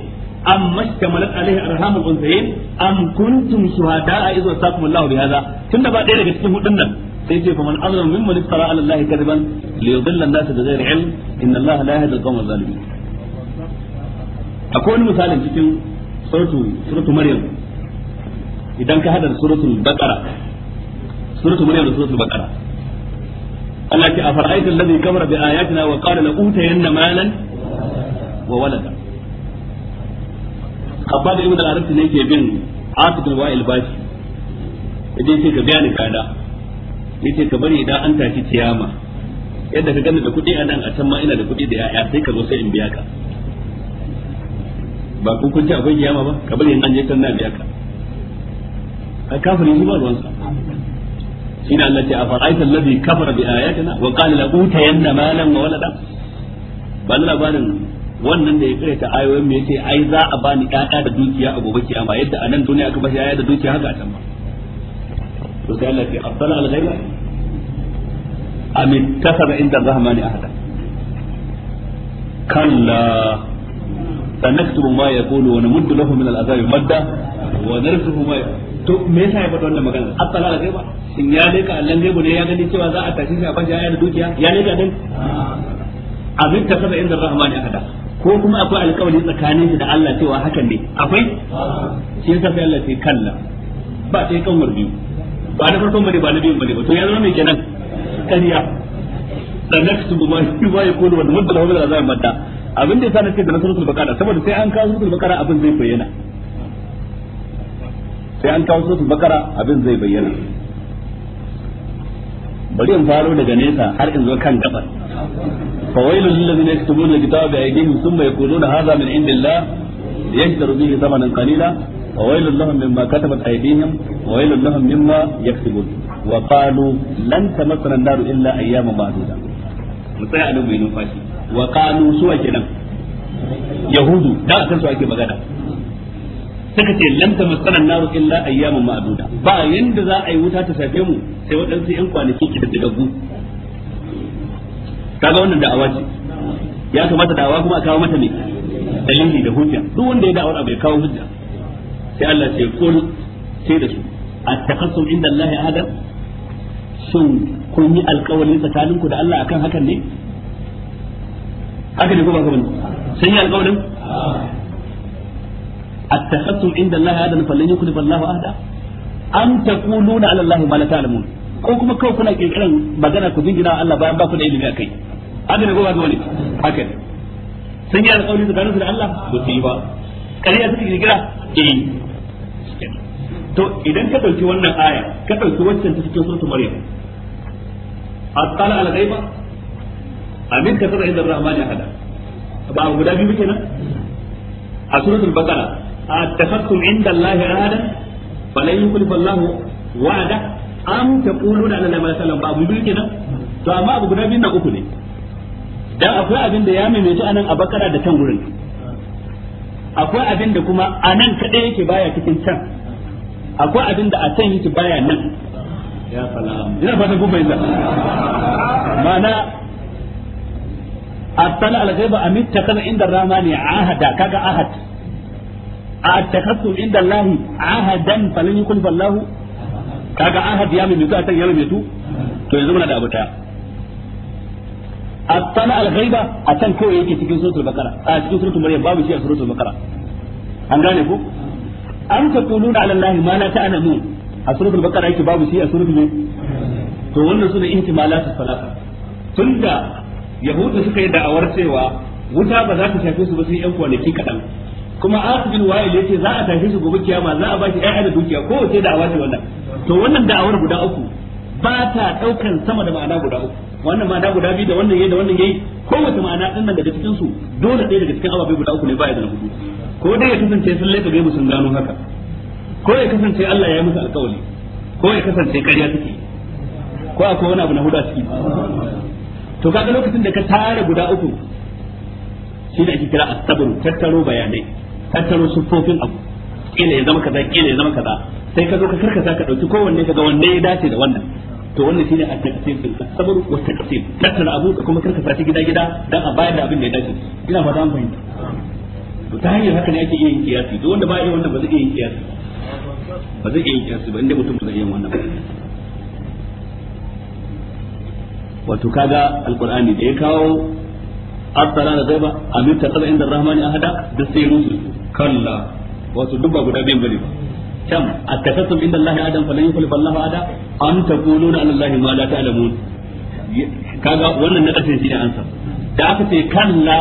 am mashtamalat alaihi arham al-unsayin am kuntum shuhada'a idza Allah bi hadha tunda ba ɗaya daga cikin hudun nan sai ce fa azlamu ala Allah kadiban li yudilla an-nas bi ghairi ilm inna Allah la yahdi al akwai wani misalin cikin suratu suratu maryam idan ka hada suratul baqara suratu maryam da suratul baqara Allah ya afara'aita alladhi kafara bi ayatina wa qala la utayanna malan wa walada abba da ibn al-arabi ne ke bin wa wa'il bashi idan ce ka biya ni kada yace ka bari idan an tashi ciyama yadda ka gani da kuɗi a nan a can ma ina da kuɗi da yaya sai ka zo sai in biya ka ba ku kun ci akwai kiyama ba kabari in an je can ka a kafirin shi ba ruwansa shine Allah ce afara'aita allazi kafara bi ayatina wa qala la utayanna malan wa walada ba labarin wannan da ya karanta ayoyin me yace ai za a bani ƴaƴa da dukiya a gobe kiyama yadda anan duniya aka bashi da dukiya haka a can ba to sai Allah ce al-ghaiba am inda rahmani ahada kalla sanaktubu ma yaqulu wa namuddu lahu min al'azabi madda wa narsuhu ma to me yasa ya faɗa wannan magana asala da gaiba shin ya leka allan gaibu ne ya gani cewa za a tashi shi a bashi ayar dukiya ya leka din abin ta kaza inda ya hada ko kuma akwai alƙawari tsakanin shi da Allah cewa hakan ne akwai shi yasa sai Allah sai kalla ba sai kan warbi ba na farkon bane ba na biyun bane ba to ya zama mai kenan kariya sanaktubu ma yaqulu wa namuddu lahu min al'azabi madda abin da yasa na ce da nasarar bakara saboda sai an kawo suratul bakara abin zai bayyana sai an kawo suratul bakara abin zai bayyana bari in faro daga nesa har in zo kan gabas fawailul lil ladina yaktubuna alkitaba bi aydihim thumma yaquluna hadha min indillah liyashtaru bihi thamanan qalila وويل لهم مما كتبت أيديهم وويل لهم Wa يكسبون وقالوا لن تمسنا النار إلا أياما معدودة متى يعلم بين فاشي wa qalu suwa kenan yahudu da san su ake magana suka ce lam masana naru illa ayyaman ma'duda ba yanda za a yi wuta ta safe mu sai waɗansu yan kwanaki ki da dagu kaga wannan da awaji ya kamata da'awa kuma a kawo mata ne dalili da hujja duk wanda ya da awar bai kawo hujja sai Allah sai kul sai da su attakassum inda Allah ya adam sun kun yi alƙawarin tsakaninku da Allah akan hakan ne haka ne ko ba sun yi alƙawarin inda Allah Allah ahda an ala Allah ma la ta'lamun ko kuma kawai kuna kirkiran magana ku jingina Allah bayan ba ku da ilimi akai ne ne sun yi alƙawari tsakanin su da Allah su yi ba ƙarya kirkira eh to idan ka dauki wannan aya ka dauki waccan ta amin ka tsara inda rahmani hada ba abu guda biyu kenan a suratul baqara attakhattum inda allahi ahadan falan yukhlifa allahu wa'ada am taquluna anna ma sallam ba abu biyu kenan to amma abu guda biyu na uku ne dan akwai abin da ya maimaita anan a bakara da can gurin akwai abin da kuma a nan kaɗai yake baya cikin can akwai abin da a can yake baya nan ya salam ina fata kun fahimta ma'ana attala al-ghaiba am ittakhadha inda rahmani ahada kaga ahad attakhadhu inda allahi ahadan falan yakun fallahu kaga ahad ya mai zuwa tan ya mai tu to yanzu muna da abu ta attala al-ghaiba atan kawai yake cikin suratul a cikin suratul maryam babu shi a suratul baqara an gane ko an taquluna ala allahi ma a suratul baqara yake babu shi a suratul to wannan sune ihtimalat salasa tunda yahudu suka yi da'awar cewa wuta ba za ta shafe su ba sai yan kwanaki kaɗan kuma asibin wa'il ya ce za a tashi su gobe kiyama za a ba shi ƴaƴa da dukiya ko wace da'awa ce wannan to wannan da'awar guda uku ba ta ɗaukan sama da ma'ana guda uku wannan ma'ana guda biyu da wannan yayi da wannan yayi kowace ma'ana ɗin nan daga cikin su dole ɗaya daga cikin ababe guda uku ne ba ya da hudu ko dai ya kasance sun laifa gaibu sun gano haka ko ya kasance Allah ya yi musu alƙawari ko ya kasance ƙarya take ko akwai wani abu na hudu a ciki to kaga lokacin da ka tara guda uku shi da ake kira asabru tattaro bayanai tattaro sufofin abu kila ya zama kaza kila ya zama kaza sai ka zo ka karkasa ka dauki kowanne ka ga wanne ya dace da wannan to wannan shine at-taqsim bil sabr wa taqsim tattara abu da kuma karkasa shi gida gida dan a bayar da abin da ya dace ina fata an fahimta to ta hanyar haka ne ake yin kiyasi duk wanda ba yi wannan ba zai iya yin kiyasi ba zai iya yin kiyasi ba inda mutum zai iya yin wannan ba wato kaga alqur'ani da ya kawo asara da gaiba amin ta kaza inda rahmani hada da sai musu kalla wato duk ba guda biyan bane ba kam attakasum inda Allah adam lan yukulu allahu ada an taquluna na Allah ma la ta'lamun kaga wannan na kace shi da ansa da aka ce kalla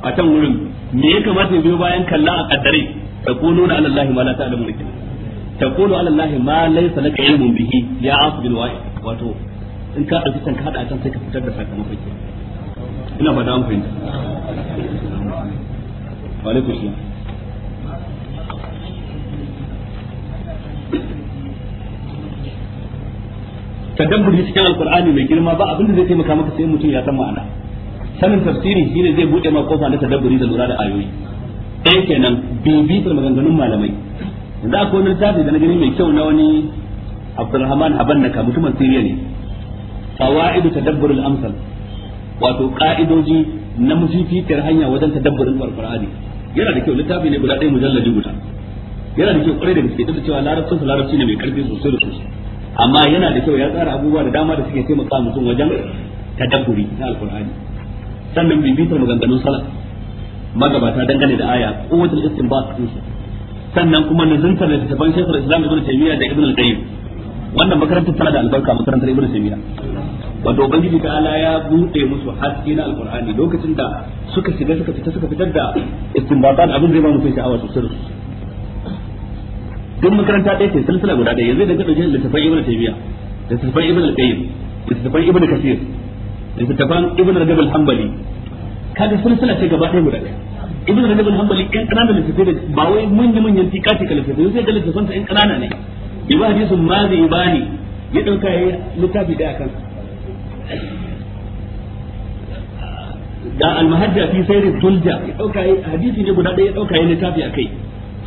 a can wurin me ya kamata ya biyo bayan kalla a kaddare taquluna na Allah ma la ta'lamun taqulu ala Allah ma laysa laka ilmun bihi ya asbil wa'id wato in ka ɗauki can ka haɗa can sai ka fitar da sakamakon ke ina ba da amfani wa alaikum salam tadabburi cikin alqur'ani mai girma ba abin da zai taimaka maka sai mutum ya san ma'ana sanin tafsiri shine zai bude ma kofa na tadabburi da lura da ayoyi ɗaya kenan bibitar maganganun malamai yanzu akwai wani littafi da na gani mai kyau na wani Abdulrahman Habanaka mutumin Siriya ne qawaidu tadabburul amsal wato ka'idoji na mufifikiyar hanya wajen tadabburin qurani yana da kyau littafi ne guda ɗaya mujalladi guda yana da kyau kwarai da gaske duk da cewa larabcin sa larabci ne mai karfi sosai da sosai amma yana da kyau ya tsara abubuwa da dama da suke taimaka mutum wajen tadabburi na alqur'ani sannan bibitar maganganun salaf magabata dangane da aya kowace su din sannan kuma nazuntar da tafan shekar islam ibn taymiya da ibn al-qayyim wannan makarantar tana da albarka makarantar ibn taymiya wato ubangiji ta ala ya bude musu haske na alqur'ani lokacin da suka shiga suka fita suka fitar da istinbatan abin zai ba mutum sha'awa sosai duk makaranta ɗaya ce silsila guda ɗaya yanzu da ka ɗauki littafin ibn taymiya littafin ibn al-qayyim littafin ibn kasir littafin ibn rajab al-hanbali kaga silsila ce gaba ɗaya guda ɗaya ibn rajab al-hanbali ɗan ƙananan littafai da ba wai manyan manyan tikati ka littafai sai ga littafin ta ɗan ƙanana ne ibn hadisun mazi ibani ya ɗauka ya yi littafi ɗaya kansa da almahajja fi sayri dulja dauka dauka hadisi ne guda daya dauka ya littafi akai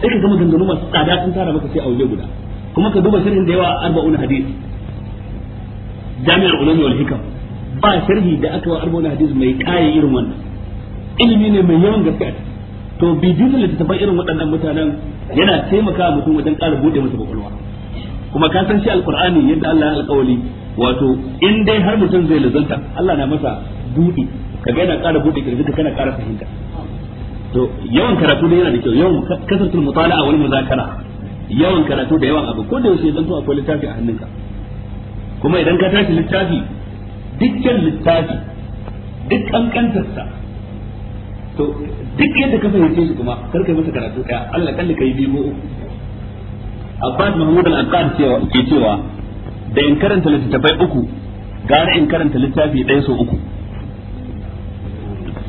sai ka gama dangano masu tsada sun tara maka sai a waje guda kuma ka duba sharhin da yawa arba'un hadisi jami'ul ulumi wal hikam ba sharhi da aka wa arba'un hadisi mai kai irin wannan ilimi ne mai yawan gaskiya to bi da littattafan irin waɗannan mutanen yana taimaka mutum wajen ƙara buɗe masa kwakwalwa kuma ka san shi alqur'ani yadda Allah ya alƙawali wato in dai har mutum zai lazanta Allah na masa dudi ga yana ƙara bude ka kana ƙara fahimta to yawan karatu da yana da kyau yawan kasantul mutala'a wani muzakara yawan karatu da yawan abu ko da yaushe zan to akwai littafi a hannunka kuma idan ka tashi littafi dukkan littafi duk kankantarsa to duk yadda ka fahimce shi kuma kar kai masa karatu daya Allah kalli kai biyu ko uku Abbas Mahmud al-Aqad cewa ke cewa da in karanta littattafai uku gara in karanta littafi ɗaya sau uku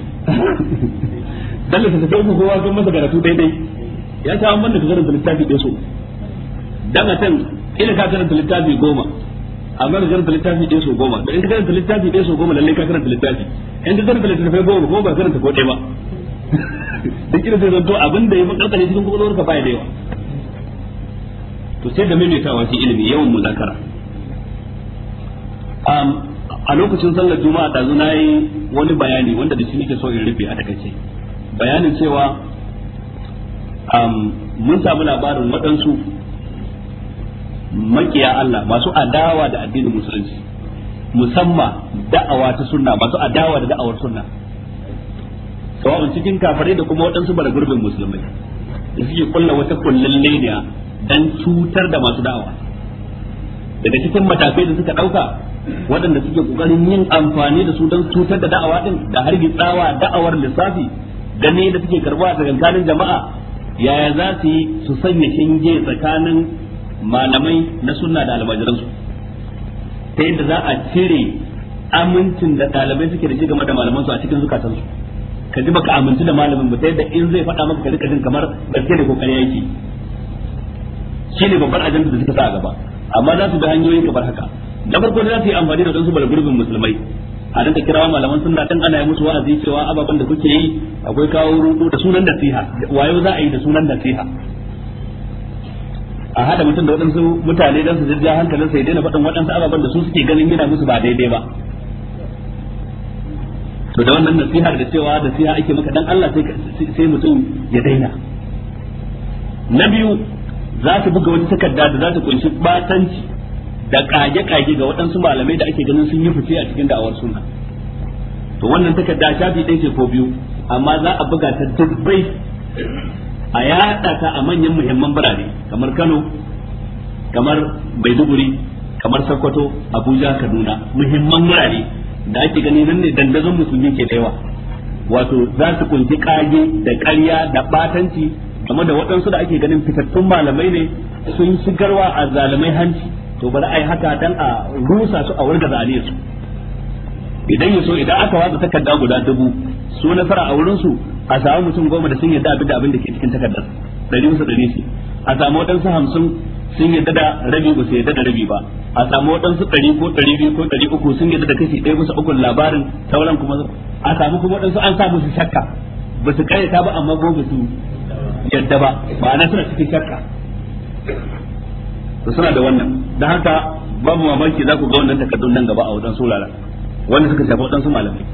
dan littattafai uku kowa sun masa karatu daidai ya ta an banda ka karanta littafi ɗaya sau dan a ina ka karanta littafi goma amma da karanta littafi ɗaya sau goma da in ka karanta littafi ɗaya sau goma lallai ka karanta littafi in ka karanta littattafai goma ko ba karanta ko ɗaya ba duk ina sai zanto abin da ya makalkale cikin kwakwalwarka ba ya da yawa to sai da maimaitawa shi ilimi yawan muzakara Um, a lokacin sallar juma'a da na yi wani bayani wanda da shi nake so in rufe a takaice bayanin cewa um, mun samu labarin waɗansu makiya Allah masu adawa da addinin musulunci musamman da'awa ta sunna masu adawa da da'awar sunna sawa'un cikin kafare da kuma waɗansu bara gurbin musulmai da suke kulla wata kullun leniya dan cutar da masu da'awa daga cikin matakai da suka ɗauka waɗanda suke kokarin yin amfani da su don cutar da da'awa din da harbi tsawa da'awar lissafi da ne da suke karbuwa tsakankanin jama'a yaya za su yi su sanya shinge tsakanin malamai na sunna da almajiransu ta yadda za a cire amincin da ɗalibai suke da shi game da malamansu a cikin zukatansu ka ji baka amince da malamin ba ta yadda in zai faɗa maka ka rika jin kamar gaske ne ko ƙarya yake ne babbar ajanda da suka sa a gaba amma za su bi hanyoyin kamar haka na farko da za su yi amfani da wadansu balagurbin musulmai a dinka kirawa malaman sunna dan ana yi musu wa'azi cewa ababen da kuke yi akwai kawo rubu da sunan nasiha wayo za a yi da sunan nasiha a hada mutum da waɗansu mutane dan su jirga hankalin sai daina faɗin wadansu ababen da su suke ganin yana musu ba daidai ba to da wannan nasiha da cewa da siya ake maka dan Allah sai sai mutum ya daina na biyu za su buga wani takarda da za ta kunshi batanci da kage-kage ga waɗansu malamai da ake ganin sun yi fice a cikin da'awar sunna to wannan takarda shafi ɗaya ce ko biyu amma za a buga ta dubbai a yaɗa ta a manyan muhimman birane kamar Kano kamar Maiduguri kamar Sokoto Abuja Kaduna muhimman birane da ake gani nan ne dandazon musulmi ke da wato za su kunshi kage da ƙarya da ɓatanci game da waɗansu da ake ganin fitattun malamai ne sun shigarwa a zalumai hanci to bari ai haka dan a rusa su a wargaza aniyar su idan yaso idan aka watsa takarda guda dubu su nasara a wurin su a samu mutum goma da sun yadda abin da abin da ke cikin takardar dari musu dari su a samu waɗansu hamsin sun yadda da rabi ba su yadda da rabi ba a samu waɗansu ɗari ko ɗari biyu ko ɗari uku sun yadda da kashi ɗaya musu ukun labarin sauran kuma a samu kuma waɗansu an samu su shakka ba su ta ba amma ba su yadda ba ma'ana suna cikin shakka to suna da wannan da haka babu mamaki za ku ga wannan takardun nan gaba a wajen sulala wanda suka shafi waɗansu malamai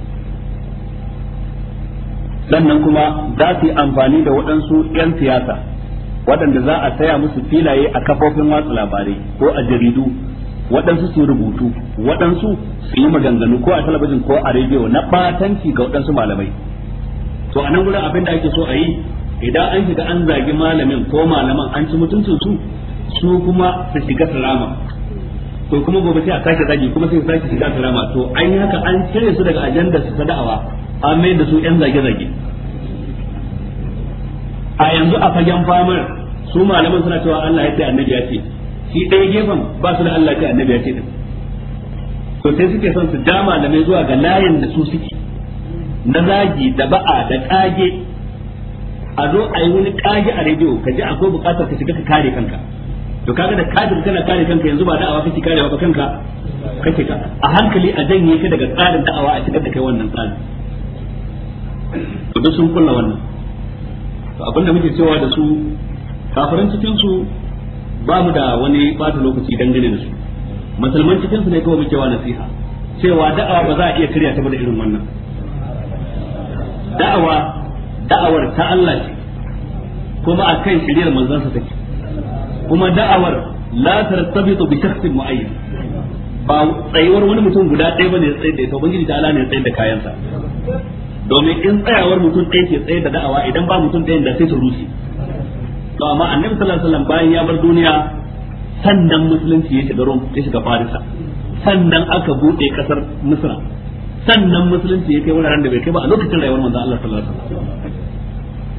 sannan kuma za su yi amfani da waɗansu 'yan siyasa waɗanda za a saya musu filaye a kafofin watsa labarai ko a jaridu waɗansu su rubutu waɗansu su yi maganganu ko a talabijin ko a rediyo na ɓatanci ga waɗansu malamai to a nan wurin abin da ake so a yi idan an shiga an zagi malamin ko malaman an ci mutuncin su su kuma su shiga salama to kuma gobe sai a sake zagi kuma sai su sake shiga salama to an yi haka an cire su daga ajanda su ta da'awa an mai da su yan zage-zage a yanzu a fagen famar su malaman suna cewa Allah ya ce annabi ya ce shi ɗaya gefen ba su da Allah ce annabi ya ce din to sai suke son su da malamai zuwa ga layin da su suke na zagi da ba'a da kage a zo a yi wani kage a rediyo ka ji akwai bukatar ka shiga ka kare kanka to kaga da kadir kana kare kanka yanzu ba da'awa kake karewa ba kanka kake ka a hankali a janye ka daga tsarin da'awa a cikin da kai wannan tsarin to duk sun kulla wannan to abinda muke cewa da su kafirin cikin su ba mu da wani bata lokaci dangane da su musulman cikin su ne kawai muke wa nasiha cewa da'awa ba za a iya karya ta da irin wannan da'awa da'awar ta Allah ce kuma akan shiriyar manzansa take kuma da'awar la tartabitu bi shakhsin mu'ayyan ba tsayuwar wani mutum guda ɗaya bane ya tsayar da ita ubangiji ta Allah ne ya tsayar da kayansa domin in tsayawar mutum ɗaya ke tsayar da da'awa idan ba mutum ɗaya da sai ta rushe to amma annabi sallallahu alaihi wasallam bayan ya bar duniya sannan musulunci ya shiga Rome ya shiga Farisa sannan aka buɗe kasar Misra sannan musulunci ya kai wuraren da bai kai ba a lokacin rayuwar manzo Allah sallallahu alaihi wasallam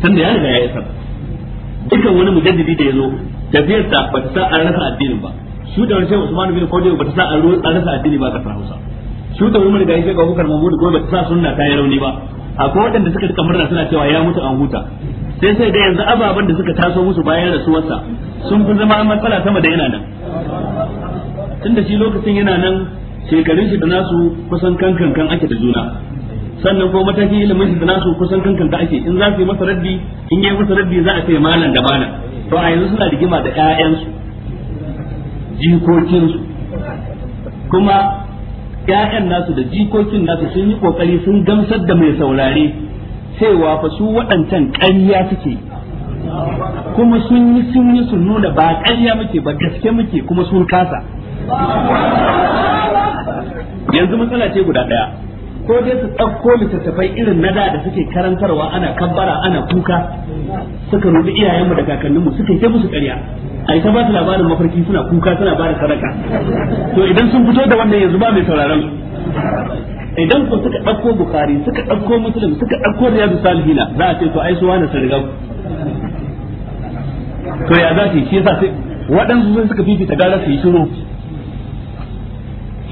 sannan ya riga ya isa dukan wani mujaddidi da ya zo tafiyar ta ba ta sa an rasa addinin ba shi da wani shehu Usman bin Kodiyo ba ta sa an rasa addini ba kasar Hausa shi da Umar ga yake ga Abubakar Mahmud ko ba ta sa sunna ta yi rauni ba akwai waɗanda suka rika murna suna cewa ya mutu an huta sai sai da yanzu ababen da suka taso musu bayan rasuwarsa sun fi zama matsala sama da yana nan Tun da shi lokacin yana nan shekarun shi da nasu kusan kankan kan ake da juna sannan ko matakin ilimin shi da nasu kusan kankan da ake in za su yi masa raddi in yi masa raddi za a ce malam da malam to a yanzu suna rigima da ƴaƴansu jikokinsu kuma ƴaƴan nasu da jikokin nasu sun yi ƙoƙari sun gamsar da mai saurare cewa fa su waɗancan ƙarya suke kuma sun yi sun yi sun nuna ba ƙarya muke ba gaske muke kuma sun kasa yanzu matsala ce guda ɗaya ko dai su ɗauko littattafai irin na da da suke karantarwa ana kabbara ana kuka suka rubi iyayenmu da kakanninmu suka yi musu ƙarya a ita ba su labarin mafarki suna kuka suna ba da sadaka to idan sun fito da wannan yanzu ba mai sauraron idan ko suka ɗauko bukari suka ɗauko musulun suka ɗauko riyadu salihina za a ce to ai su wani sarigau to ya za su yi shi yasa sai waɗansu sun suka fifita gara su yi shiru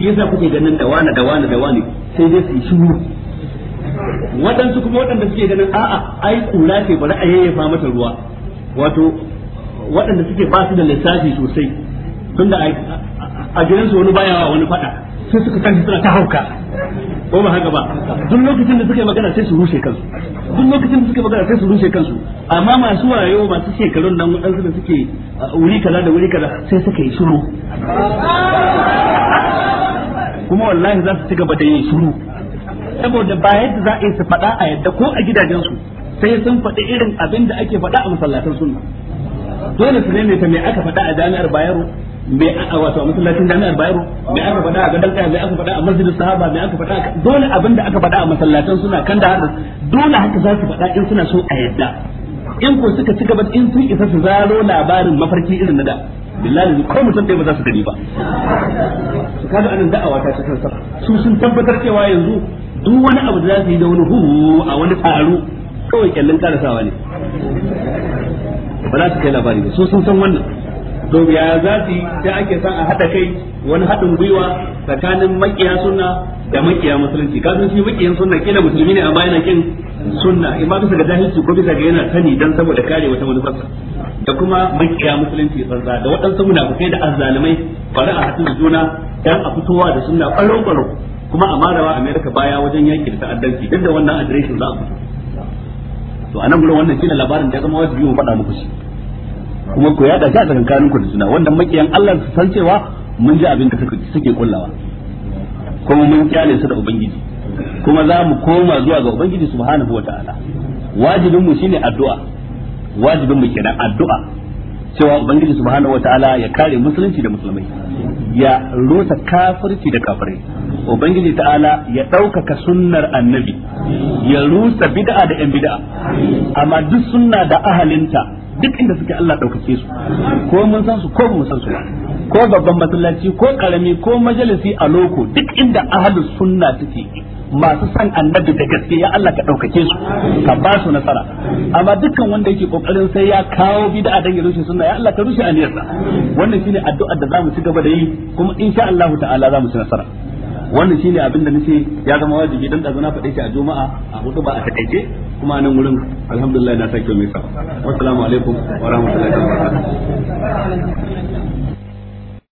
shi yasa kuke ganin da wani da wani da wani sai dai su shiru waɗansu kuma waɗanda suke ganin a'a ai kura ce bari a yayyafa mata ruwa wato waɗanda suke ba su da lissafi sosai tunda a gidansu wani baya wani faɗa sai suka tashi suna ta hauka ko ba haka ba duk lokacin da suke magana sai su rushe kansu duk lokacin da suke magana sai su rushe kansu amma masu wayo masu shekarun nan waɗansu da suke wuri kaza da wuri kaza sai suka yi shiru kuma wallahi za su ci gaba da yin shiru saboda ba yadda za a yi su faɗa a yadda ko a gidajensu sai sun faɗi irin abin da ake faɗa a masallatan sunna dole su ne ta me aka faɗa a jami'ar Bayero me a wato a masallacin jami'ar Bayero me aka faɗa a gadon kaya me aka faɗa a masjidin sahaba me aka faɗa dole abin da aka faɗa a masallatan suna kan da har dole haka za su faɗa in suna so a yadda in ko suka ci gaba in sun isa su zaro labarin mafarki irin na da billahi ko mutum dai ba za su gani ba su kaga anan da'awa ta cikin sa su sun tabbatar cewa yanzu duk wani abu da za su yi da wani hu a wani taro kawai kyallin karasawa ne ba za su kai labari ba su sun san wannan to ya za su yi sai ake san a haɗa kai wani haɗin gwiwa tsakanin makiya sunna da makiya musulunci kafin shi makiyan sunna kila musulmi ne amma yana kin sunna in ba bisa ga jahilci ko bisa ga yana sani dan saboda kare wata manufarsa da kuma makiya musulunci tsantsa da waɗansu munafukai da azzalumai bari a haɗu juna dan a fitowa da sunna ɓarau-ɓarau kuma a marawa Amerika baya wajen yaƙi da ta'addanci duk da wannan adireshin za a fito to anan gurin wannan shine labarin da ya zama wajibi mu faɗa muku shi kuma ku yada shi a tsakankanin ku da suna wanda makiyan Allah su san cewa mun ji abin da suke kullawa kuma mun kyale su da ubangiji kuma za mu koma zuwa ga ubangiji subhanahu wataala wajibin mu shine addu'a wajibin mu kenan addu'a cewa ubangiji subhanahu wataala ya kare musulunci da musulmai ya rusa kafirci da kafirai ubangiji ta'ala ya ɗaukaka sunnar annabi ya rusa bid'a da yan bid'a amma duk sunna da ahalinta duk inda suke Allah ɗaukake su ko mun san su ko mun san su ba ko babban masallaci ko karami ko majalisi a loko duk inda ahlus sunna suke masu san annabi da gaske ya Allah ka ɗaukake su ka ba su nasara amma dukkan wanda yake kokarin sai ya kawo bid'a dan ya rushe sunna ya Allah ka rushe aniyarsa wannan shine addu'ar da zamu ci gaba da yi kuma insha Allah ta'ala zamu ci nasara wannan shine abin da nace ya zama wajibi dan da na faɗe shi a juma'a a hudu ba a takaice kuma nan gurin alhamdulillah na sake mai sa assalamu alaikum wa rahmatullahi wa barakatuh